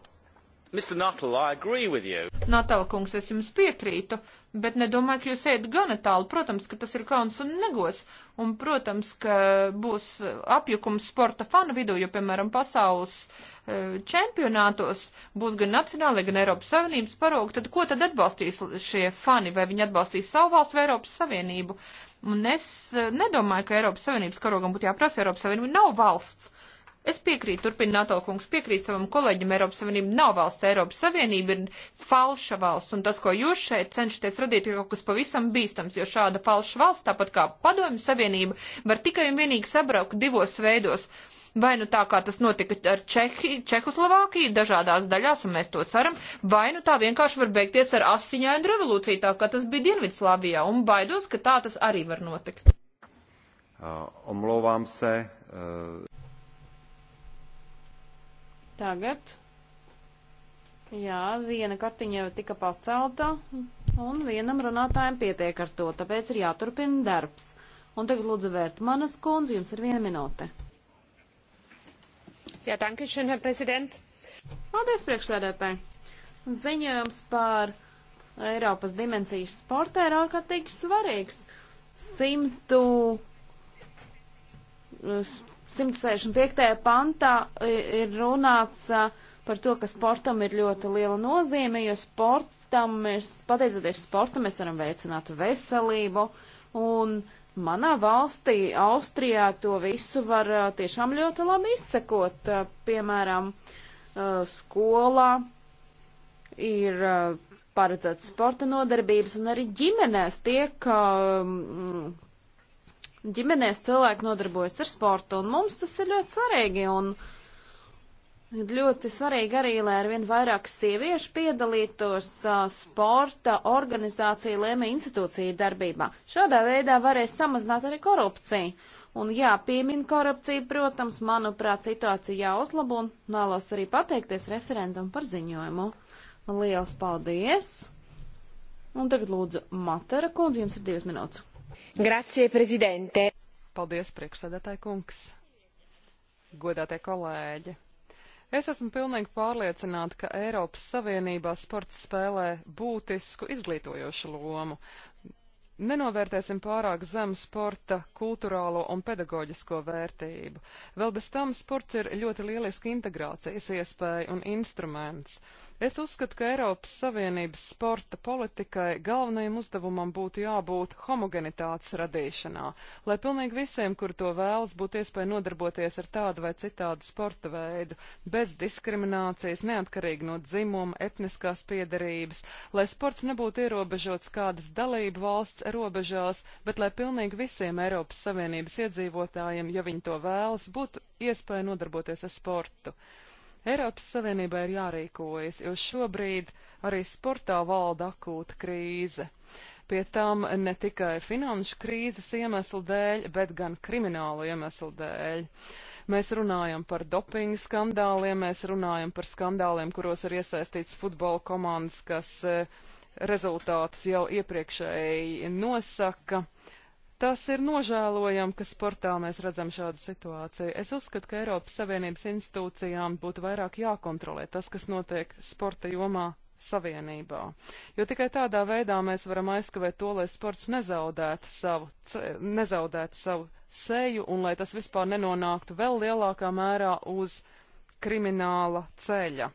Natāla kungs, es jums piekrītu, bet nedomāju, ka jūs ejat gana tālu. Protams, ka tas ir kauns un negods, un, protams, ka būs apjukums sporta fanu vidū, jo, piemēram, pasaules e, čempionātos būs gan nacionāli, gan Eiropas Savienības paraugi, tad ko tad atbalstīs šie fani, vai viņi atbalstīs savu valstu vai Eiropas Savienību? Un es e, nedomāju, ka Eiropas Savienības karogam būtu jāprasa, Eiropas Savienība nav valsts. Es piekrītu, turpina NATO kungs, piekrīt savam kolēģim, Eiropas Savienība nav valsts, Eiropas Savienība ir falša valsts, un tas, ko jūs šeit cenšaties radīt, ir kaut kas pavisam bīstams, jo šāda falša valsts, tāpat kā padomju Savienība, var tikai un vienīgi sabraukt divos veidos. Vai nu tā, kā tas notika ar Čehi, Čehoslovākiju dažādās daļās, un mēs to ceram, vai nu tā vienkārši var beigties ar asiņainu revolūciju, tā kā tas bija Dienvidslāvijā, un baidos, ka tā tas arī var notikt. Uh, omlouvám se, e, Tagad. Jā, viena kartiņa jau tika pacelta, un vienam runātājam pietiek ar to, tāpēc ir jāturpina darbs. Un tagad lūdzu vērt manas kundzi, jums ir viena minūte. Jā, tanki šodien, Herr Prezident. Paldies, priekšsēdētāji. Ziņojums par Eiropas dimensijas sportē ir ārkārtīgi svarīgs. Simtu 165. pantā e, ir runāts e, par to, ka sportam ir ļoti liela nozīme, jo sportam mēs, pateicoties sportam, mēs varam veicināt veselību. Un manā valstī, Austrijā, to visu var e, tiešām ļoti labi izsekot. Piemēram, skolā ir paredzēts sporta nodarbības, un arī ģimenēs tiek ģimenēs cilvēki nodarbojas ar sportu, un mums tas ir ļoti svarīgi. Un ļoti svarīgi arī, lai arvien vairāk sieviešu piedalītos uh, sporta organizāciju lēmē institūciju darbībā. Šādā veidā varēs samazināt arī korupciju. Un jā, piemin korupciju, protams, manuprāt, situācija jāuzlabo, un vēlos arī pateikties referendumu par ziņojumu. Liels paldies! Un tagad lūdzu Matera kundze, jums ir divas minūtes. Grazie, prezidente! Paldies, priekšsēdētāji kungs! Godātie kolēģi! Es esmu pilnīgi pārliecināta, ka Eiropas Savienībā sports spēlē būtisku izglītojošu lomu. Nenovērtēsim pārāk zem sporta kulturālo un pedagoģisko vērtību. Vēl bez tam sports ir ļoti lieliski integrācijas iespēja un instruments. Es uzskatu, ka Eiropas Savienības sporta politikai galvenajam uzdevumam būtu jābūt homogenitātes radīšanā, lai pilnīgi visiem, kur to vēlas, būtu iespēja nodarboties ar tādu vai citādu sporta veidu, bez diskriminācijas, neatkarīgi no dzimuma, etniskās piedarības, lai sports nebūtu ierobežots kādas dalību valsts robežās, bet lai pilnīgi visiem Eiropas Savienības iedzīvotājiem, ja viņi to vēlas, būtu iespēja nodarboties ar sportu. Eiropas Savienībai ir jārīkojas, jo šobrīd arī sportā valda akūta krīze. Pie tam ne tikai finanšu krīzes iemeslu dēļ, bet gan kriminālu iemeslu dēļ. Mēs runājam par dopinga skandāliem, mēs runājam par skandāliem, kuros ir iesaistīts futbola komandas, kas eh, rezultātus jau iepriekšēji nosaka. Tas ir nožēlojami, ka sportā mēs redzam šādu situāciju. Es uzskatu, ka Eiropas Savienības institūcijām būtu vairāk jākontrolē tas, kas notiek sporta jomā Savienībā. Jo tikai tādā veidā mēs varam aizskavēt to, lai sports nezaudētu savu, nezaudētu savu seju un lai tas vispār nenonāktu vēl lielākā mērā uz krimināla ceļa.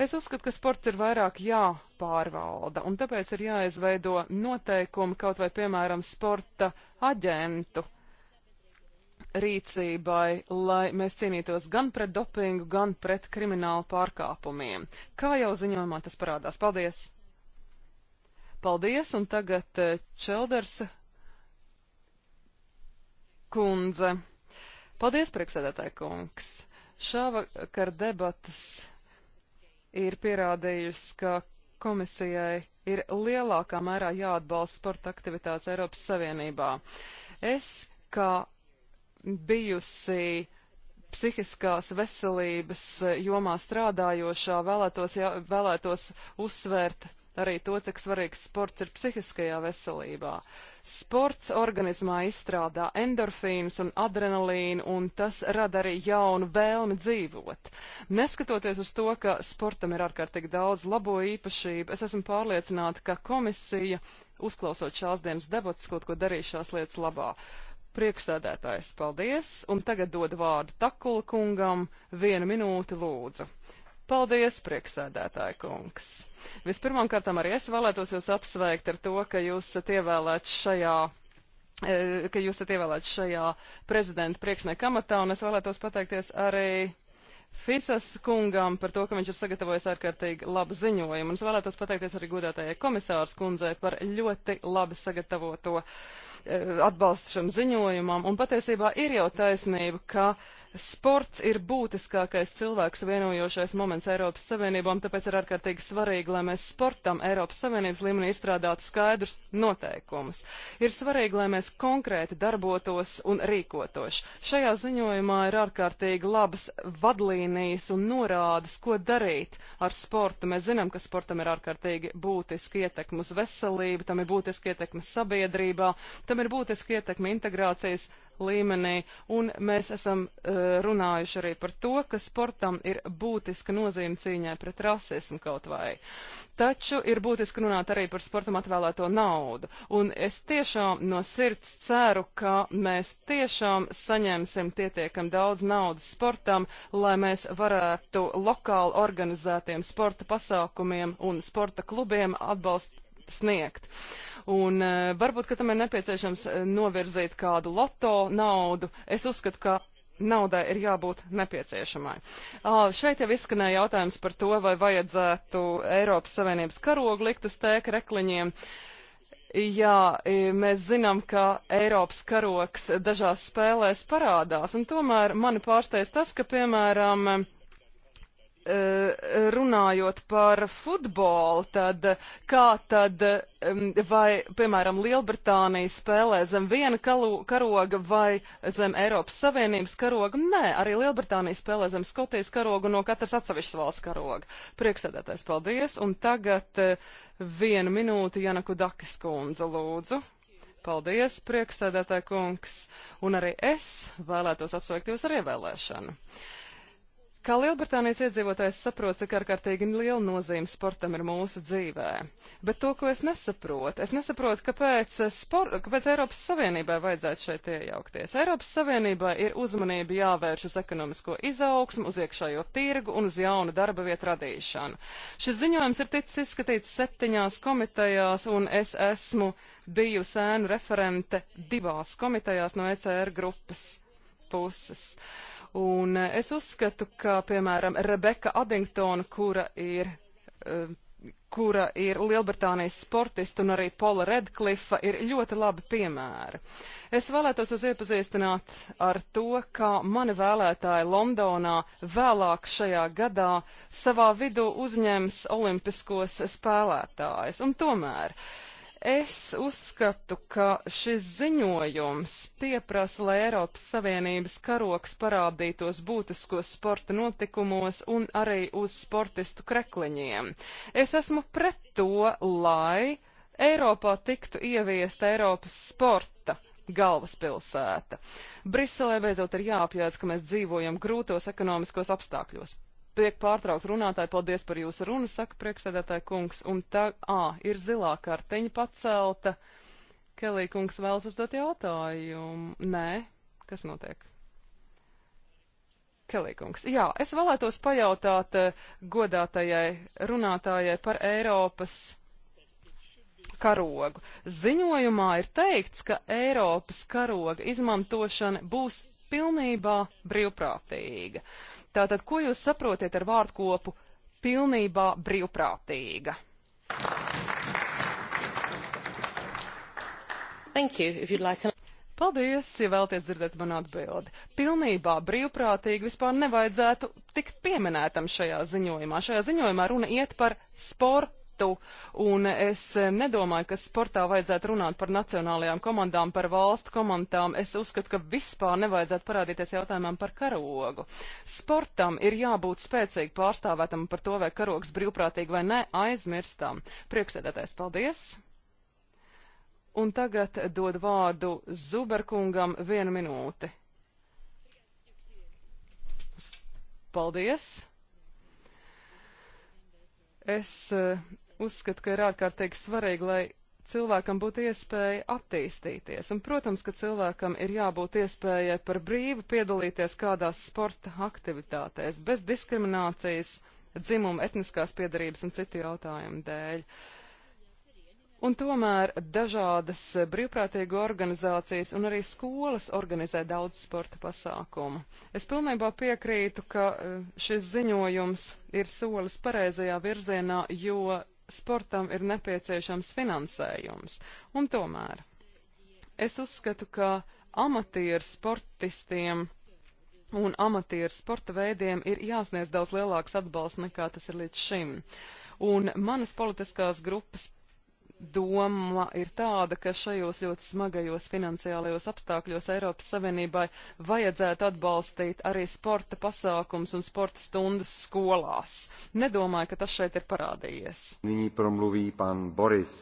Es uzskatu, ka sports ir vairāk jāpārvalda, un tāpēc ir jāizveido noteikumi kaut vai, piemēram, sporta aģentu rīcībai, lai mēs cīnītos gan pret dopingu, gan pret kriminālu pārkāpumiem. Kā jau ziņojumā tas parādās. Paldies! Paldies, un tagad eh, Čeldersa kundze. Paldies, priekšsēdētāji kungs! Šāvakar debatas ir pierādījusi, ka komisijai ir lielākā mērā jāatbalsta sporta aktivitātes Eiropas Savienībā. Es, kā bijusi psihiskās veselības jomā strādājošā, vēlētos, jā, vēlētos uzsvērt arī to, cik svarīgs sports ir psihiskajā veselībā. Uh, Sports organismā izstrādā endorfīnus un adrenalīnu, un tas rada arī jaunu vēlmi dzīvot. Neskatoties uz to, ka sportam ir ārkārtīgi daudz labo īpašību, es esmu pārliecināta, ka komisija, uzklausot šās dienas debatas, kaut ko darīs šās lietas labā. Priekšsēdētājs, paldies, un tagad dod vārdu Takula kungam, vienu minūti lūdzu. Paldies, prieksēdētāja kungs! Vispirmām kārtām arī es vēlētos jūs apsveikt ar to, ka jūs esat ievēlēts šajā e, ka jūs esat ievēlēts šajā prezidenta priekšnieka amatā, un es vēlētos pateikties arī Fisas kungam par to, ka viņš ir sagatavojis ārkārtīgi labu ziņojumu. Un es vēlētos pateikties arī godātajai komisārs kundzei par ļoti labi sagatavoto e, atbalstu šam ziņojumam. Un patiesībā ir jau taisnība, ka uh, Sports ir būtiskākais cilvēks vienojošais moments Eiropas Savienībām, tāpēc ir ārkārtīgi svarīgi, lai mēs sportam Eiropas Savienības līmenī izstrādātu skaidrus noteikumus. Ir svarīgi, lai mēs konkrēti darbotos un rīkotos. Šajā ziņojumā ir ārkārtīgi labas vadlīnijas un norādes, ko darīt ar sportu. Mēs zinām, ka sportam ir ārkārtīgi būtiski ietekmi uz veselību, tam ir būtiski ietekmi sabiedrībā, tam ir būtiski ietekmi integrācijas līmenī, un mēs esam uh, runājuši arī par to, ka sportam ir būtiska nozīme cīņai pret rasismu kaut vai. Taču ir būtiski runāt arī par sportam atvēlēto naudu, un es tiešām no sirds ceru, ka mēs tiešām saņemsim pietiekam daudz naudas sportam, lai mēs varētu lokāli organizētiem sporta pasākumiem un sporta klubiem atbalstu sniegt. Uh, Un eh, varbūt, ka tam ir nepieciešams eh, novirzīt kādu loto naudu. Es uzskatu, ka naudai ir jābūt nepieciešamai. Šeit jau izskanēja jautājums par to, vai vajadzētu Eiropas Savienības karogu likt uz tēka rekliņiem. Jā, mēs zinām, ka Eiropas karoks dažās spēlēs parādās, un tomēr mani pārsteidz tas, ka, piemēram, E, runājot par futbolu, tad kā tad, vai, piemēram, Lielbritānija spēlē zem viena kalu, karoga vai zem Eiropas Savienības karoga? Nē, arī Lielbritānija spēlē zem Skotijas karoga no katras atsevišķas valsts karoga. Prieksēdētais, paldies. Un tagad e, vienu minūti Janaku Dakis kundze, lūdzu. Paldies, prieksēdētāja kungs. Un arī es vēlētos apsveikt jūs ar ievēlēšanu. Uh, Kā Lielbritānijas iedzīvotājs saprot, cik ārkārtīgi liela nozīme sportam ir mūsu dzīvē. Bet to, ko es nesaprotu, es nesaprotu, kāpēc, eh, spor, kāpēc Eiropas Savienībai vajadzētu šeit iejaukties. Eiropas Savienībai ir uzmanība jāvērš uz ekonomisko izaugsmu, uz iekšējo tirgu un uz jaunu darba vietu radīšanu. Šis ziņojums ir ticis izskatīts septiņās komitejās, un es esmu biju sēnu referente divās komitejās no ECR grupas puses. Uh, Un eh, es uzskatu, ka, piemēram, Rebeka Adingtona, kura ir, eh, kura ir Lielbritānijas sportista un arī Pola Redklifa, ir ļoti labi piemēri. Es vēlētos jūs iepazīstināt ar to, kā mani vēlētāji Londonā vēlāk šajā gadā savā vidū uzņems olimpiskos spēlētājus. Un tomēr. Uh, Es uzskatu, ka šis ziņojums pieprasa, lai Eiropas Savienības karoks parādītos būtiskos sporta notikumos un arī uz sportistu krekliņiem. Es esmu pret to, lai Eiropā tiktu ieviesta Eiropas sporta galvaspilsēta. Briselē beidzot ir jāapjēdz, ka mēs dzīvojam grūtos ekonomiskos apstākļos. Tiek pārtraukt runātāji, paldies par jūsu runu, saka priekšsēdētāja kungs, un tā, ā, ir zilā karteņa pacelta. Kelī kungs vēlas uzdot jautājumu. Nē, kas notiek? Kelīkungs. Jā, es vēlētos pajautāt eh, godātajai runātājai par Eiropas karogu. Ziņojumā ir teikts, ka Eiropas karoga izmantošana būs pilnībā brīvprātīga. Uh, Tātad, ko jūs saprotiet ar vārdkopu pilnībā brīvprātīga? Thank you, if you'd like. Paldies, ja vēlties dzirdēt manu atbildi. Pilnībā brīvprātīgi vispār nevajadzētu tikt pieminētam šajā ziņojumā. Šajā ziņojumā runa iet par sportu sportu, un es eh, nedomāju, ka sportā vajadzētu runāt par nacionālajām komandām, par valstu komandām. Es uzskatu, ka vispār nevajadzētu parādīties jautājumam par karogu. Sportam ir jābūt spēcīgi pārstāvētam par to, vai karogs brīvprātīgi vai ne, aizmirstām. Priekšsēdētājs, paldies! Un tagad dod vārdu Zuberkungam vienu minūti. Paldies! Es eh, uzskatu, ka ir ārkārtīgi svarīgi, lai cilvēkam būtu iespēja attīstīties. Un, protams, ka cilvēkam ir jābūt iespējai par brīvu piedalīties kādās sporta aktivitātēs, bez diskriminācijas, dzimuma, etniskās piedarības un citu jautājumu dēļ. Un tomēr dažādas brīvprātīgo organizācijas un arī skolas organizē daudz sporta pasākumu. Es pilnībā piekrītu, ka eh, šis ziņojums ir solis pareizajā virzienā, jo sportam ir nepieciešams finansējums. Un tomēr es uzskatu, ka amatieru sportistiem un amatieru sporta veidiem ir jāsniedz daudz lielāks atbalsts nekā tas ir līdz šim. Un manas politiskās grupas doma ir tāda, ka šajos ļoti smagajos finansiālajos apstākļos Eiropas Savienībai vajadzētu atbalstīt arī sporta pasākums un sporta stundas skolās. Nedomāju, ka tas šeit ir parādījies. Viņi promluvī pan Boris.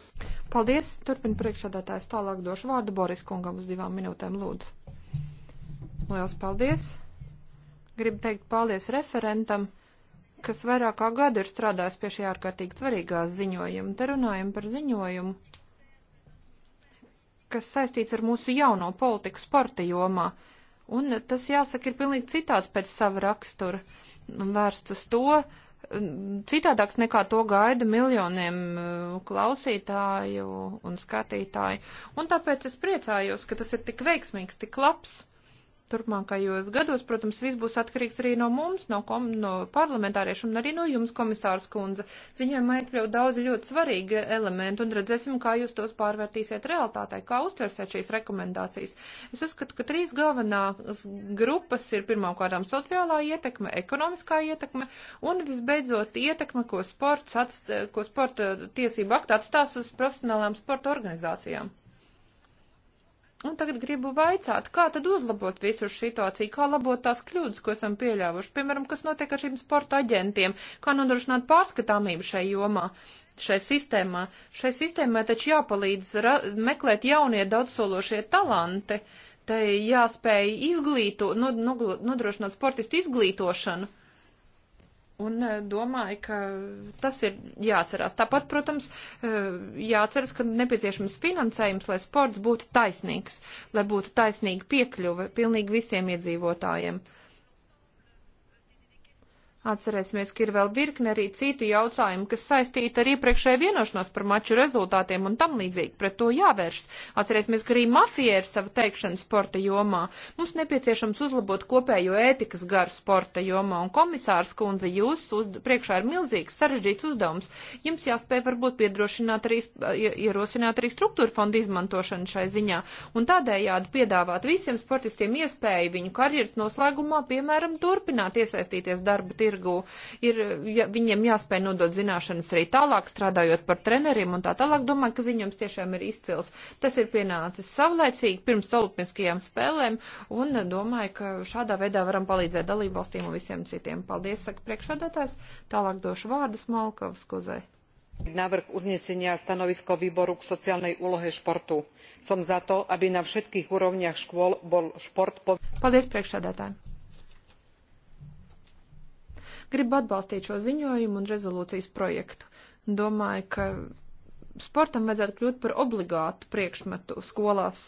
Paldies, turpin priekšādātājs tālāk došu vārdu Boris kungam uz divām minūtēm lūdzu. Liels paldies! Gribu teikt paldies referentam kas vairāk kā gadu ir strādājis pie šī ārkārtīgi svarīgā ziņojuma. Te runājam par ziņojumu, kas saistīts ar mūsu jauno politiku sporta jomā. Un tas, jāsaka, ir pilnīgi citāds pēc sava rakstura, vērsts uz to, mm, citādāks nekā to gaida miljoniem mm, klausītāju un skatītāju. Un tāpēc es priecājos, ka tas ir tik veiksmīgs, tik labs turpmākajos gados, protams, viss būs atkarīgs arī no mums, no, kom, no parlamentāriešiem un arī no jums, komisārs kundze. Ziņojumā iekļaut daudz ļoti svarīgi elementi un redzēsim, kā jūs tos pārvērtīsiet realitātē, kā uztversiet šīs rekomendācijas. Es uzskatu, ka trīs galvenās grupas ir pirmkārtām sociālā ietekme, ekonomiskā ietekme un visbeidzot ietekme, ko sports, atst, ko sporta tiesība akta atstās uz profesionālām sporta organizācijām. Un tagad gribu vaicāt, kā tad uzlabot visu situāciju, kā labot tās kļūdas, ko esam pieļāvuši, piemēram, kas notiek ar šiem sporta aģentiem, kā nodrošināt pārskatāmību šai jomā, šai sistēmā. Šai sistēmai taču jāpalīdz meklēt jaunie daudzsološie talanti, tai jāspēj izglīto, nodrošināt sportistu izglītošanu. Un eh, domāju, ka tas ir jāatcerās. Tāpat, protams, eh, jāatceras, ka nepieciešams finansējums, lai sports būtu taisnīgs, lai būtu taisnīga piekļuve pilnīgi visiem iedzīvotājiem. Uh, Atcerēsimies, ka ir vēl virkne arī citu jautājumu, kas saistīti ar iepriekšēju vienošanos par maču rezultātiem un tam līdzīgi. Pret to jāvēršas. Atcerēsimies, ka arī mafija ir sava teikšana sporta jomā. Mums nepieciešams uzlabot kopējo ētikas garu sporta jomā, un komisārs kundze, jūs uz, priekšā ir milzīgs sarežģīts uzdevums. Jums jāspēj varbūt piedrošināt arī, ierosināt arī struktūra fondu izmantošanu šai ziņā, un tādējādi piedāvāt visiem sportistiem iespēju viņu karjeras noslēgumā, piemēram, turpināt iesaistīties darba tirgu tirgu, ir, ja, viņiem jāspēj nodot zināšanas arī tālāk, strādājot par treneriem un tā tālāk. Domāju, ka ziņojums tiešām ir izcils. Tas ir pienācis savlaicīgi pirms olimpiskajām spēlēm un domāju, ka šādā veidā varam palīdzēt dalībvalstīm un visiem citiem. Paldies, saka priekšādātājs. Tālāk došu vārdus Malkovas kozai návrh uznesenia a stanovisko výboru k sociálnej úlohe športu. som za to aby na všetkých úrovniach škôl bol šport povinný. Gribu atbalstīt šo ziņojumu un rezolūcijas projektu. Domāju, ka sportam vajadzētu kļūt par obligātu priekšmetu skolās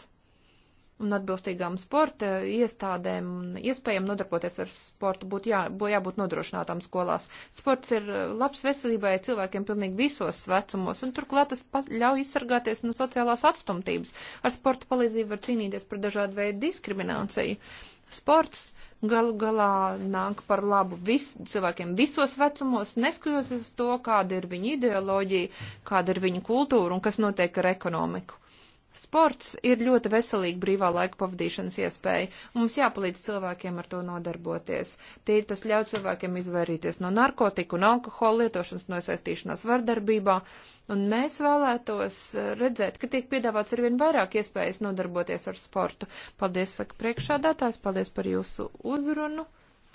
un atbilstīgām sporta iestādēm un iespējām nodarboties ar sportu būtu jā, jābūt nodrošinātām skolās. Sports ir uh, labs veselībai cilvēkiem pilnīgi visos vecumos, un turklāt tas ļauj izsargāties no sociālās atstumtības. Ar sporta palīdzību var cīnīties par dažādu veidu diskrimināciju. Sports galu galā nāk par labu vis, cilvēkiem visos vecumos, neskatoties to, kāda ir viņa ideoloģija, kāda ir viņa kultūra un kas notiek ar ekonomiku. Sports ir ļoti veselīga brīvā laika pavadīšanas iespēja. Mums jāpalīdz cilvēkiem ar to nodarboties. Tīri tas ļauj cilvēkiem izvairīties no narkotiku un alkohola lietošanas, no iesaistīšanās vardarbībā. Un mēs vēlētos eh, redzēt, ka tiek piedāvāts arvien vairāk iespējas nodarboties ar sportu. Paldies, saka priekšādātājs, paldies par jūsu uzrunu.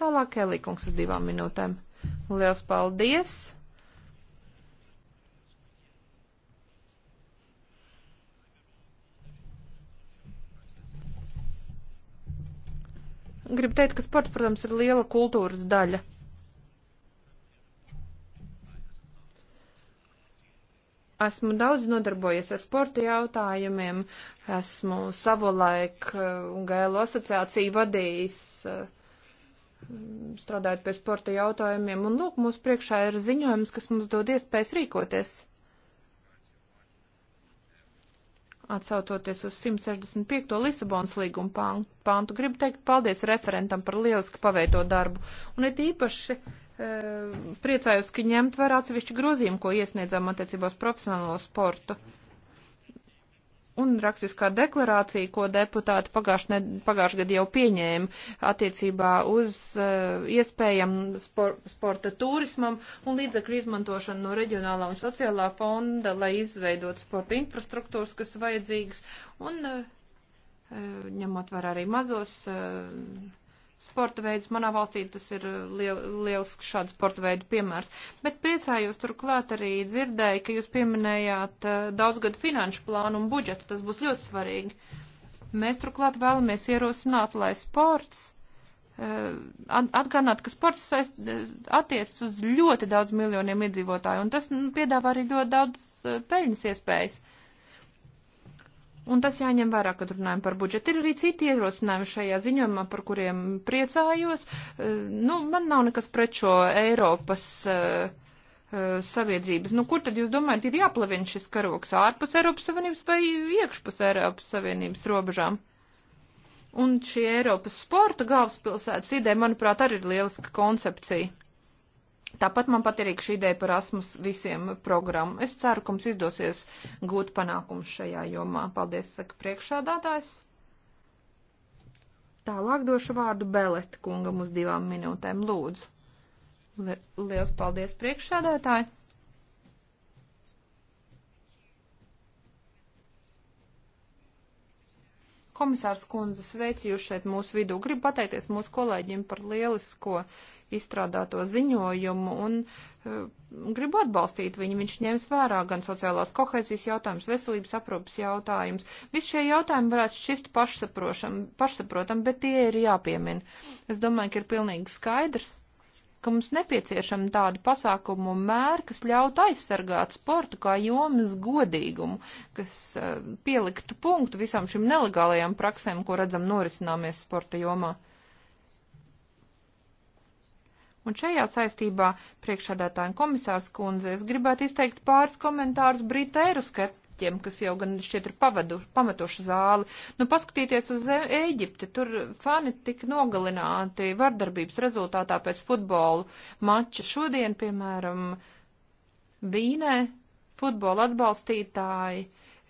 Tālāk Elīkungs uz divām minūtēm. Liels paldies! Gribu teikt, ka sports, protams, ir liela kultūras daļa. Esmu daudz nodarbojies ar sporta jautājumiem, esmu savulaik uh, GLO asociāciju vadījis, uh, strādājot pie sporta jautājumiem, un lūk, mūsu priekšā ir ziņojums, kas mums dod iespējas rīkoties. Atsautoties uz 165. Lisabonas līguma pāntu, gribu teikt paldies referentam par lieliski paveikto darbu. Un ir īpaši e, priecājos, ka ņemt vērā atsevišķi grozījumi, ko iesniedzām attiecībā uz profesionālo sportu. Mm un rakstiskā deklarācija, ko deputāti pagājušajā pagājuši gadā jau pieņēma attiecībā uz uh, iespējam spor, sporta turismam un līdzekļu izmantošanu no reģionālā un sociālā fonda, lai izveidot sporta infrastruktūras, kas vajadzīgas, un uh, ņemot vērā arī mazos. Uh, sporta veidus. Manā valstī tas ir uh, liel, liels šādu sporta veidu piemērs. Bet priecājos turklāt arī dzirdēju, ka jūs pieminējāt uh, daudzgadu finanšu plānu un budžetu. Tas būs ļoti svarīgi. Mēs turklāt vēlamies ierosināt, lai sports uh, atgādināt, ka sports attiecas uz ļoti daudz miljoniem iedzīvotāju, un tas nu, piedāvā arī ļoti daudz peļņas iespējas. Un tas jāņem vērā, kad runājam par budžetu. Ir arī citi ierosinājumi šajā ziņojumā, par kuriem priecājos. Eh, nu, man nav nekas pret šo Eiropas uh, sabiedrības. Nu, kur tad jūs domājat, ir jāplavina šis karoks ārpus Eiropas Savienības vai iekšpus Eiropas Savienības robežām? Un šī Eiropas sporta galvaspilsētas ideja, manuprāt, arī ir lieliska koncepcija. Tāpat man patīk šī ideja par Asmus visiem programmu. Es ceru, ka mums izdosies gūt panākumus šajā jomā. Paldies, saka priekšādātājs. Tālāk došu vārdu Beleta kungam uz divām minūtēm, lūdzu. Liels paldies priekšādātāji! Komisārs kundze sveicu jūs šeit mūsu vidū. Gribu pateikties mūsu kolēģiem par lielisko izstrādāto ziņojumu un eh, gribu atbalstīt viņu. Viņš ņems vērā gan sociālās kohēzijas jautājumus, veselības aprūpas jautājumus. Visi šie jautājumi varētu šķist pašsaprotam, bet tie ir jāpiemina. Es domāju, ka ir pilnīgi skaidrs ka mums nepieciešama tāda pasākumu mēra, kas ļautu aizsargāt sportu kā jomas godīgumu, kas uh, pieliktu punktu visām šīm nelegālajām praksēm, ko redzam norisināmies sporta jomā. Un šajā saistībā priekšādātājiem komisārs kundze es gribētu izteikt pāris komentārus Brita eiroskeptiem, kas jau gan šķiet ir pavadu, pametuši zāli. Nu, paskatieties uz Ēģipti, tur fani tika nogalināti vardarbības rezultātā pēc futbolu mača. Šodien, piemēram, Vīnē futbola atbalstītāji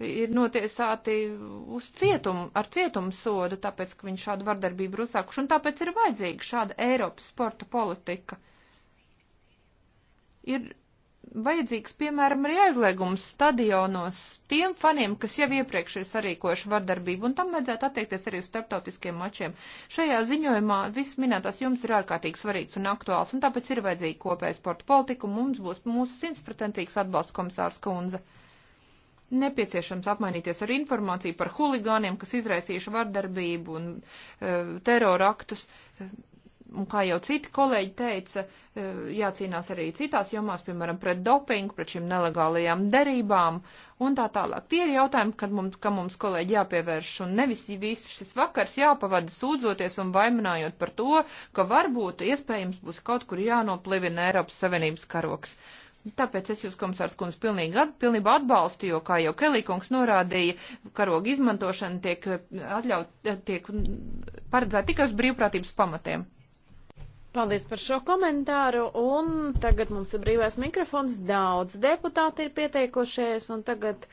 ir notiesāti uz cietumu, ar cietumu sodu, tāpēc, ka viņi šādu vardarbību ir uzsākuši, un tāpēc ir vajadzīga šāda Eiropas sporta politika. Ir vajadzīgs, piemēram, arī aizliegums stadionos tiem faniem, kas jau iepriekš ir sarīkojuši vardarbību, un tam vajadzētu attiekties arī uz starptautiskiem mačiem. Šajā ziņojumā viss minētās jums ir ārkārtīgi svarīgs un aktuāls, un tāpēc ir vajadzīga kopēja sporta politika, un mums būs mūsu simtprocentīgs atbalsts komisārs Kunze. Ka nepieciešams apmainīties ar informāciju par huligāniem, kas izraisījuši vardarbību un e, teroraktus. Un kā jau citi kolēģi teica, e, jācīnās arī citās jomās, piemēram, pret dopingu, pret šīm nelegālajām derībām un tā tālāk. Tie ir jautājumi, kad mums, ka mums kolēģi jāpievērš un nevis viss šis vakars jāpavada sūdzoties un vaiminājot par to, ka varbūt iespējams būs kaut kur jānoplivina Eiropas Savienības karoks. Uh, Tāpēc es jūs, komisārs kundz, pilnīgi at, pilnībā atbalstu, jo, kā jau Kelīkungs norādīja, karoga izmantošana tiek eh, atļaut, eh, tiek paredzēta tikai uz brīvprātības pamatiem. Paldies par šo komentāru, un tagad mums ir brīvais mikrofons, daudz deputāti ir pieteikušies, un tagad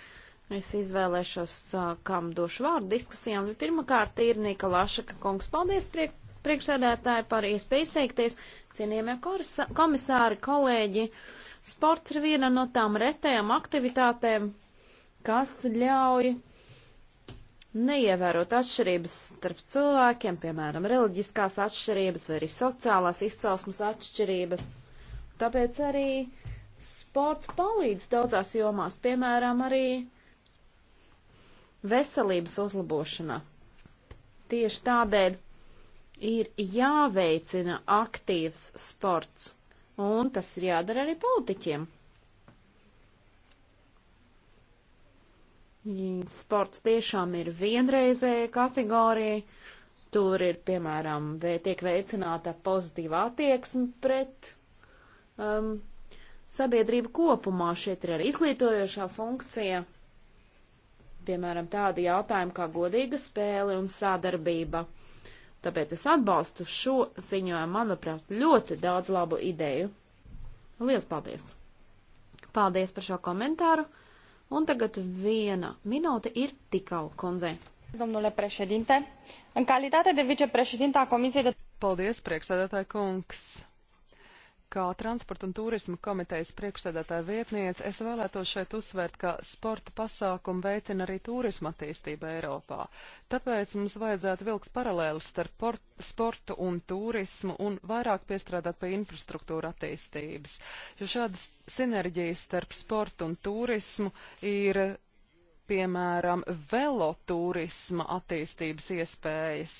es izvēlēšos, eh, kam došu vārdu diskusijām. Pirmkārt ir Nika Lašaka kungs, paldies priek priekšsēdētāji par iespēju izteikties, cienījamie komisāri, kolēģi. Uh, Sports ir viena no tām retajām aktivitātēm, kas ļauj neievērot atšķirības starp cilvēkiem, piemēram, reliģiskās atšķirības vai arī sociālās izcelsmes atšķirības. Tāpēc arī sports palīdz daudzās jomās, piemēram, arī veselības uzlabošanā. Tieši tādēļ ir jāveicina aktīvs sports un tas ir jādara arī politiķiem. Sports tiešām ir vienreizēja kategorija. Tur ir, piemēram, tiek veicināta pozitīva attieksme pret um, sabiedrību kopumā. Šeit ir arī izglītojošā funkcija. Piemēram, tādi jautājumi kā godīga spēle un sadarbība. Tāpēc es atbalstu šo ziņojumu, manuprāt, ļoti daudz labu ideju. Lielas paldies! Paldies par šo komentāru! Un tagad viena minūte ir tikau kundzei. Domnule președinte, în calitate de vicepreședinte a Comisiei de... Paldies, priekšsēdētāji kungs! Kā transporta un turisma komitejas priekšsēdētāja vietniece, es vēlētos šeit uzsvērt, ka sporta pasākumu veicina arī turisma attīstība Eiropā. Tāpēc mums vajadzētu vilkt paralēlus starp port, sportu un turismu un vairāk piestrādāt pie infrastruktūra attīstības, jo šādas sinerģijas starp sportu un turismu ir piemēram, velotūrisma attīstības iespējas.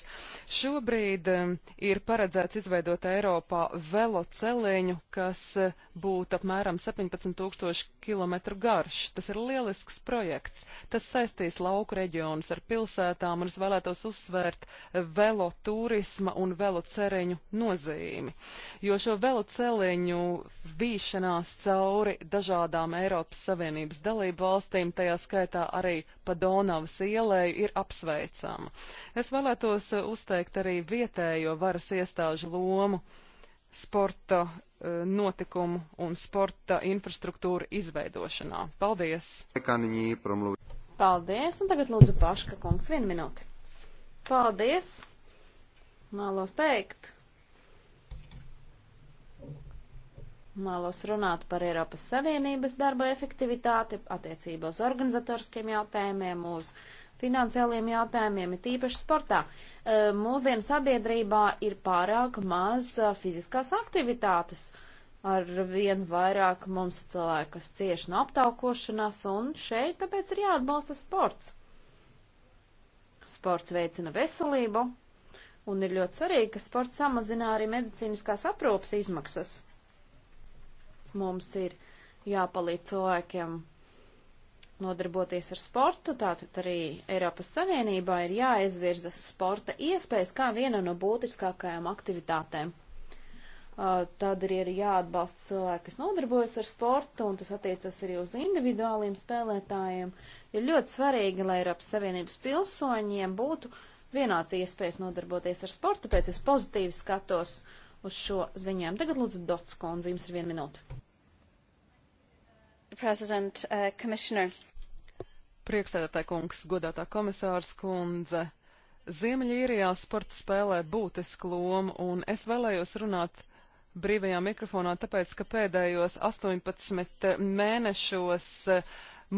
Šobrīd um, ir paredzēts izveidot Eiropā veloceliņu, kas uh, būtu apmēram 17 tūkstoši kilometru garš. Tas ir lielisks projekts. Tas saistīs lauku reģionus ar pilsētām un es vēlētos uzsvērt uh, velotūrisma un velocereņu nozīmi. Jo šo veloceliņu vīšanās cauri dažādām Eiropas Savienības dalību valstīm, tajā skaitā arī pa Donavas ielēju ir apsveicama. Es vēlētos uh, uzteikt arī vietējo varas iestāžu lomu sporta uh, notikumu un sporta infrastruktūru izveidošanā. Paldies! Paldies, un tagad lūdzu Paška kungs, vienu minūti. Paldies! Vēlos teikt, Mēlos runāt par Eiropas Savienības darba efektivitāti attiecībā uz organizatoriskiem jautājumiem, uz finansiāliem jautājumiem, it īpaši sportā. E, mūsdienu sabiedrībā ir pārāk maz e, fiziskās aktivitātes. Ar vien vairāk mums cilvēki, kas cieši no aptaukošanās, un šeit tāpēc ir jāatbalsta sports. Sports veicina veselību, un ir ļoti svarīgi, ka sports samazina arī medicīniskās aprūpas izmaksas mums ir jāpalīdz cilvēkiem nodarboties ar sportu, tātad arī Eiropas Savienībā ir jāizvirza sporta iespējas kā viena no būtiskākajām aktivitātēm. Uh, tad arī ir jāatbalsta cilvēki, kas nodarbojas ar sportu, un tas attiecas arī uz individuāliem spēlētājiem. Ir ļoti svarīgi, lai Eiropas Savienības pilsoņiem būtu vienāds iespējas nodarboties ar sportu, pēc es pozitīvi skatos uz šo ziņām. Tagad lūdzu Dots kundze, jums ir viena minūte. Uh, Priekšsēdētāji kungs, godātā komisārs kundze, Ziemeļīrijā sports spēlē būtisku lomu, un es vēlējos runāt brīvajā mikrofonā, tāpēc, ka pēdējos 18 mēnešos uh,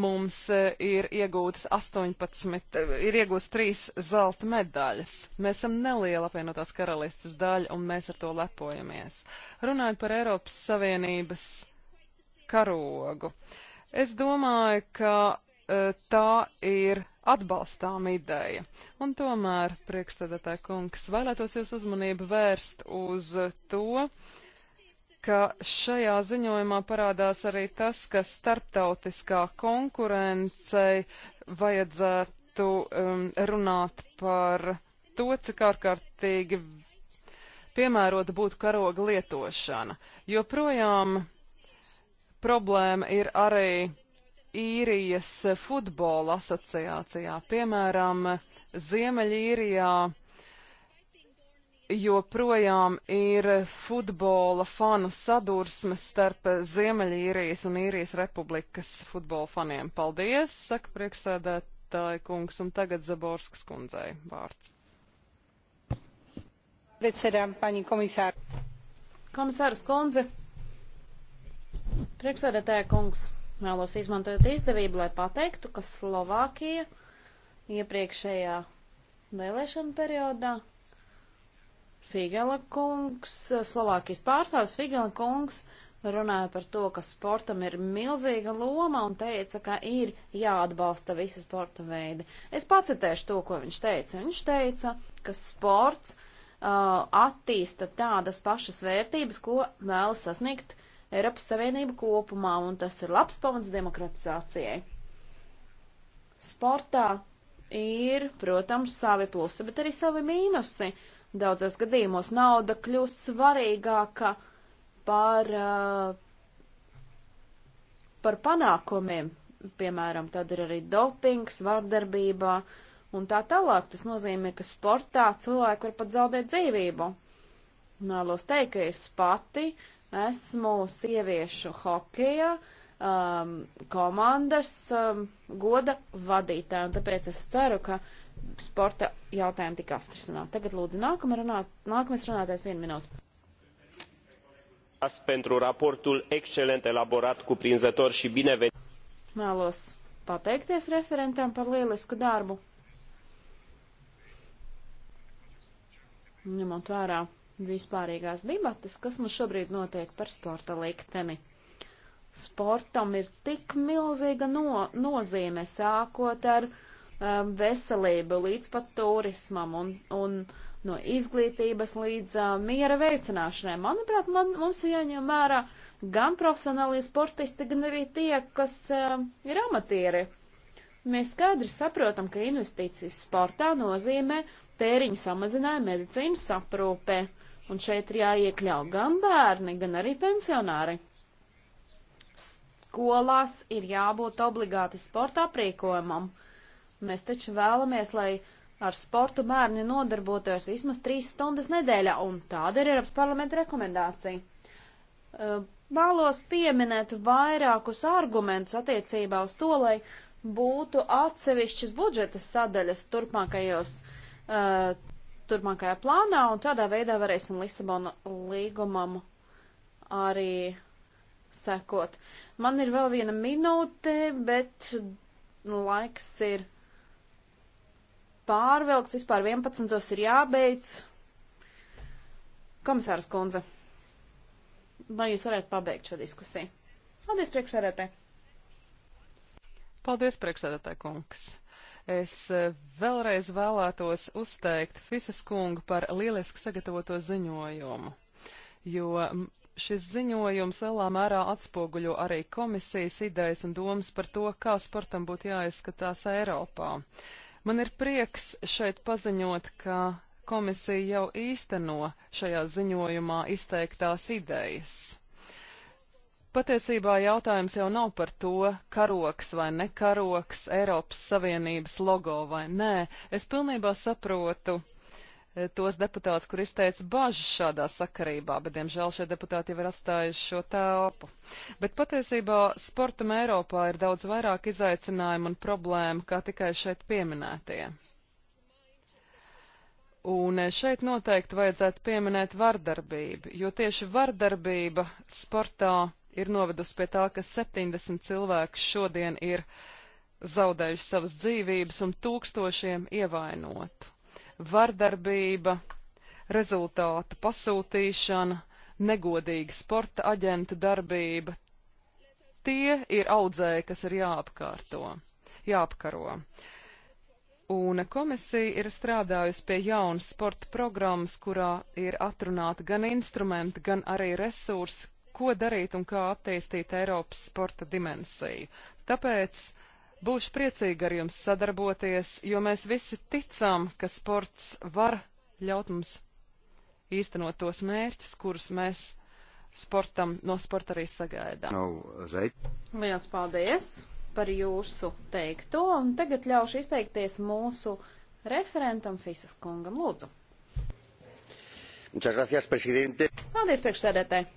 mums uh, ir iegūtas 18, uh, ir iegūtas 3 zelta medaļas. Mēs esam neliela apvienotās karalistas daļa, un mēs ar to lepojamies. Runājot par Eiropas Savienības karogu. Es domāju, ka eh, tā ir atbalstām ideja. Un tomēr, priekšstādātāja kungs, vēlētos jūs uzmanību vērst uz to, ka šajā ziņojumā parādās arī tas, ka starptautiskā konkurencei vajadzētu um, runāt par to, cik ārkārtīgi piemērota būtu karoga lietošana. Joprojām problēma ir arī īrijas futbola asociācijā, piemēram, Ziemeļīrijā joprojām ir futbola fanu sadursmes starp Ziemeļīrijas un Īrijas republikas futbola faniem. Paldies, saka priekšsēdētāji kungs, un tagad Zaborskas kundzei vārds. Komisārs kundze, Priekšsēdētāja kungs, vēlos izmantot izdevību, lai pateiktu, ka Slovākija iepriekšējā vēlēšana periodā Figela kungs, Slovākijas pārstāvis Figela kungs runāja par to, ka sportam ir milzīga loma un teica, ka ir jāatbalsta visi sporta veidi. Es pacitēšu to, ko viņš teica. Viņš teica, ka sports uh, attīsta tādas pašas vērtības, ko vēlas sasniegt Eiropas Savienību kopumā, un tas ir labs pamats demokratizācijai. Sportā ir, protams, savi plusi, bet arī savi mīnusi. Daudzos gadījumos nauda kļūst svarīgāka par, uh, par panākumiem. Piemēram, tad ir arī dopings, vardarbība un tā tālāk. Tas nozīmē, ka sportā cilvēki var pat zaudēt dzīvību. Nālos teikt, ka es pati uh, Esmu sieviešu hokeja um, komandas um, goda vadītāja, un tāpēc es ceru, ka sporta jautājumi tika atrisināt. Tagad lūdzu nākamā runāt, nākamais runātājs vienu minūtu. Pentru raportul excelent elaborat, cuprinzător și binevenit. Mēlos pateikties referentam par lielisku darbu. Ņemot vērā vispārīgās debatas, kas mums šobrīd notiek par sporta likteni. Sportam ir tik milzīga no, nozīme, sākot ar um, veselību līdz pat turismam un, un no izglītības līdz uh, miera veicināšanai. Manuprāt, man, mums ir jāņem vērā gan profesionālie sportisti, gan arī tie, kas uh, ir amatieri. Mēs skaidri saprotam, ka investīcijas sportā nozīmē tēriņu samazinājumu medicīnas aprūpē. Un šeit ir jāiekļau gan bērni, gan arī pensionāri. Skolās ir jābūt obligāti sporta aprīkojumam. Mēs taču vēlamies, lai ar sportu bērni nodarbotos vismaz trīs stundas nedēļā, un tāda ir Eiropas parlamenta rekomendācija. Vēlos pieminēt vairākus argumentus attiecībā uz to, lai būtu atsevišķas budžetas sadaļas turpmākajos uh, turpmākajā plānā, un tādā veidā varēsim Lisabona līgumam arī sekot. Man ir vēl viena minūte, bet laiks ir pārvilkts, vispār 11. ir jābeidz. Komisārs Kunze, vai jūs varētu pabeigt šo diskusiju? Paldies, priekšsēdētāji! Paldies, priekšsēdētāji kungs! Es eh, vēlreiz vēlētos uzteikt Fisas kungu par lieliski sagatavoto ziņojumu, jo šis ziņojums lielā mērā atspoguļo arī komisijas idejas un domas par to, kā sportam būtu jāizskatās Eiropā. Man ir prieks šeit paziņot, ka komisija jau īsteno šajā ziņojumā izteiktās idejas. Patiesībā jautājums jau nav par to, karoks vai nekaroks, Eiropas Savienības logo vai nē. Es pilnībā saprotu e, tos deputātus, kur izteica bažas šādā sakarībā, bet, diemžēl, šie deputāti jau ir atstājuši šo telpu. Bet patiesībā sportam Eiropā ir daudz vairāk izaicinājumu un problēmu, kā tikai šeit pieminētie. Un e, šeit noteikti vajadzētu pieminēt vardarbību, jo tieši vardarbība sportā ir novedusi pie tā, ka 70 cilvēki šodien ir zaudējuši savas dzīvības un tūkstošiem ievainotu. Vardarbība, rezultātu pasūtīšana, negodīga sporta aģenta darbība - tie ir audzēji, kas ir jāapkārto, jāapkaro. Un komisija ir strādājusi pie jaunas sporta programmas, kurā ir atrunāti gan instrumenti, gan arī resursi, ko darīt un kā attīstīt Eiropas sporta dimensiju. Tāpēc būšu priecīga ar jums sadarboties, jo mēs visi ticam, ka sports var ļaut mums īstenot tos mērķus, kurus mēs sportam no sporta arī sagaidām. No, Liels paldies par jūsu teikto, un tagad ļaušu izteikties mūsu referentam Fisas kungam lūdzu. Gracias, Paldies, priekšsēdētāji!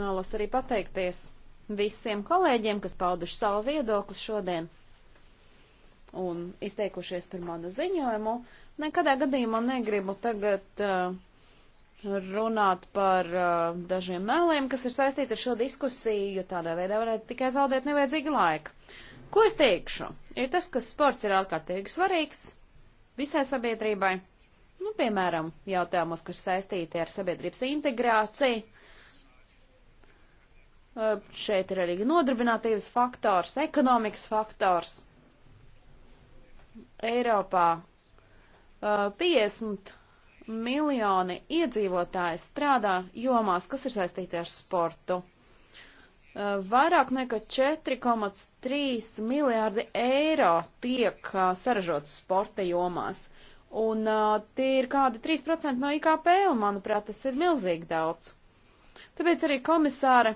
Vēlos arī pateikties visiem kolēģiem, kas pauduši savu viedokli šodien un izteikušies par manu ziņojumu. Nekadā gadījumā negribu tagad uh, runāt par uh, dažiem meliem, kas ir saistīti ar šo diskusiju, jo tādā veidā varētu tikai zaudēt nevajadzīgi laika. Ko es teikšu? Ir tas, ka sports ir ārkārtīgi svarīgs visai sabiedrībai. Nu, piemēram, jautājumos, kas saistīti ar sabiedrības integrāciju, Eh, šeit ir arī nodarbinātības faktors, ekonomikas faktors. Eiropā 50 eh, miljoni iedzīvotāji strādā jomās, kas ir saistīti ar sportu. Eh, vairāk nekā 4,3 miljārdi eiro tiek saražot sporta jomās. Un tie ir kādi 3% no IKP, un manuprāt, tas ir milzīgi daudz. Tāpēc arī komisāre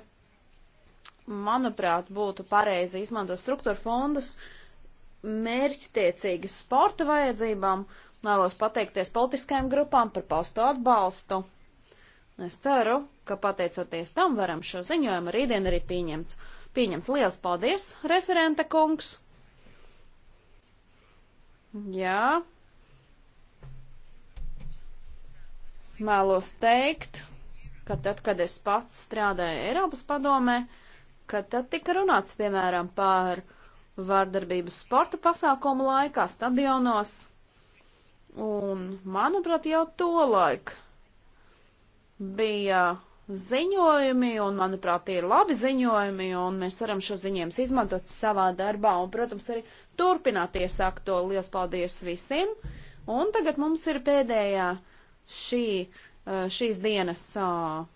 manuprāt, būtu pareizi izmantot struktūra fondus mērķtiecīgi sporta vajadzībām. Vēlos pateikties politiskajām grupām par paustu atbalstu. Es ceru, ka pateicoties tam varam šo ziņojumu rītdien arī pieņemt. Pieņemt liels paldies, referenta kungs! Jā. Mēlos teikt, ka tad, kad es pats strādāju Eiropas padomē, ka tad tika runāts, piemēram, par vārdarbību sporta pasākumu laikā, stadionos. Un, manuprāt, jau to laiku bija ziņojumi, un, manuprāt, tie ir labi ziņojumi, un mēs varam šo ziņojumus izmantot savā darbā, un, protams, arī turpināt iesākt to. Lielas paldies visiem! Un tagad mums ir pēdējā šī, eh, šīs dienas ah,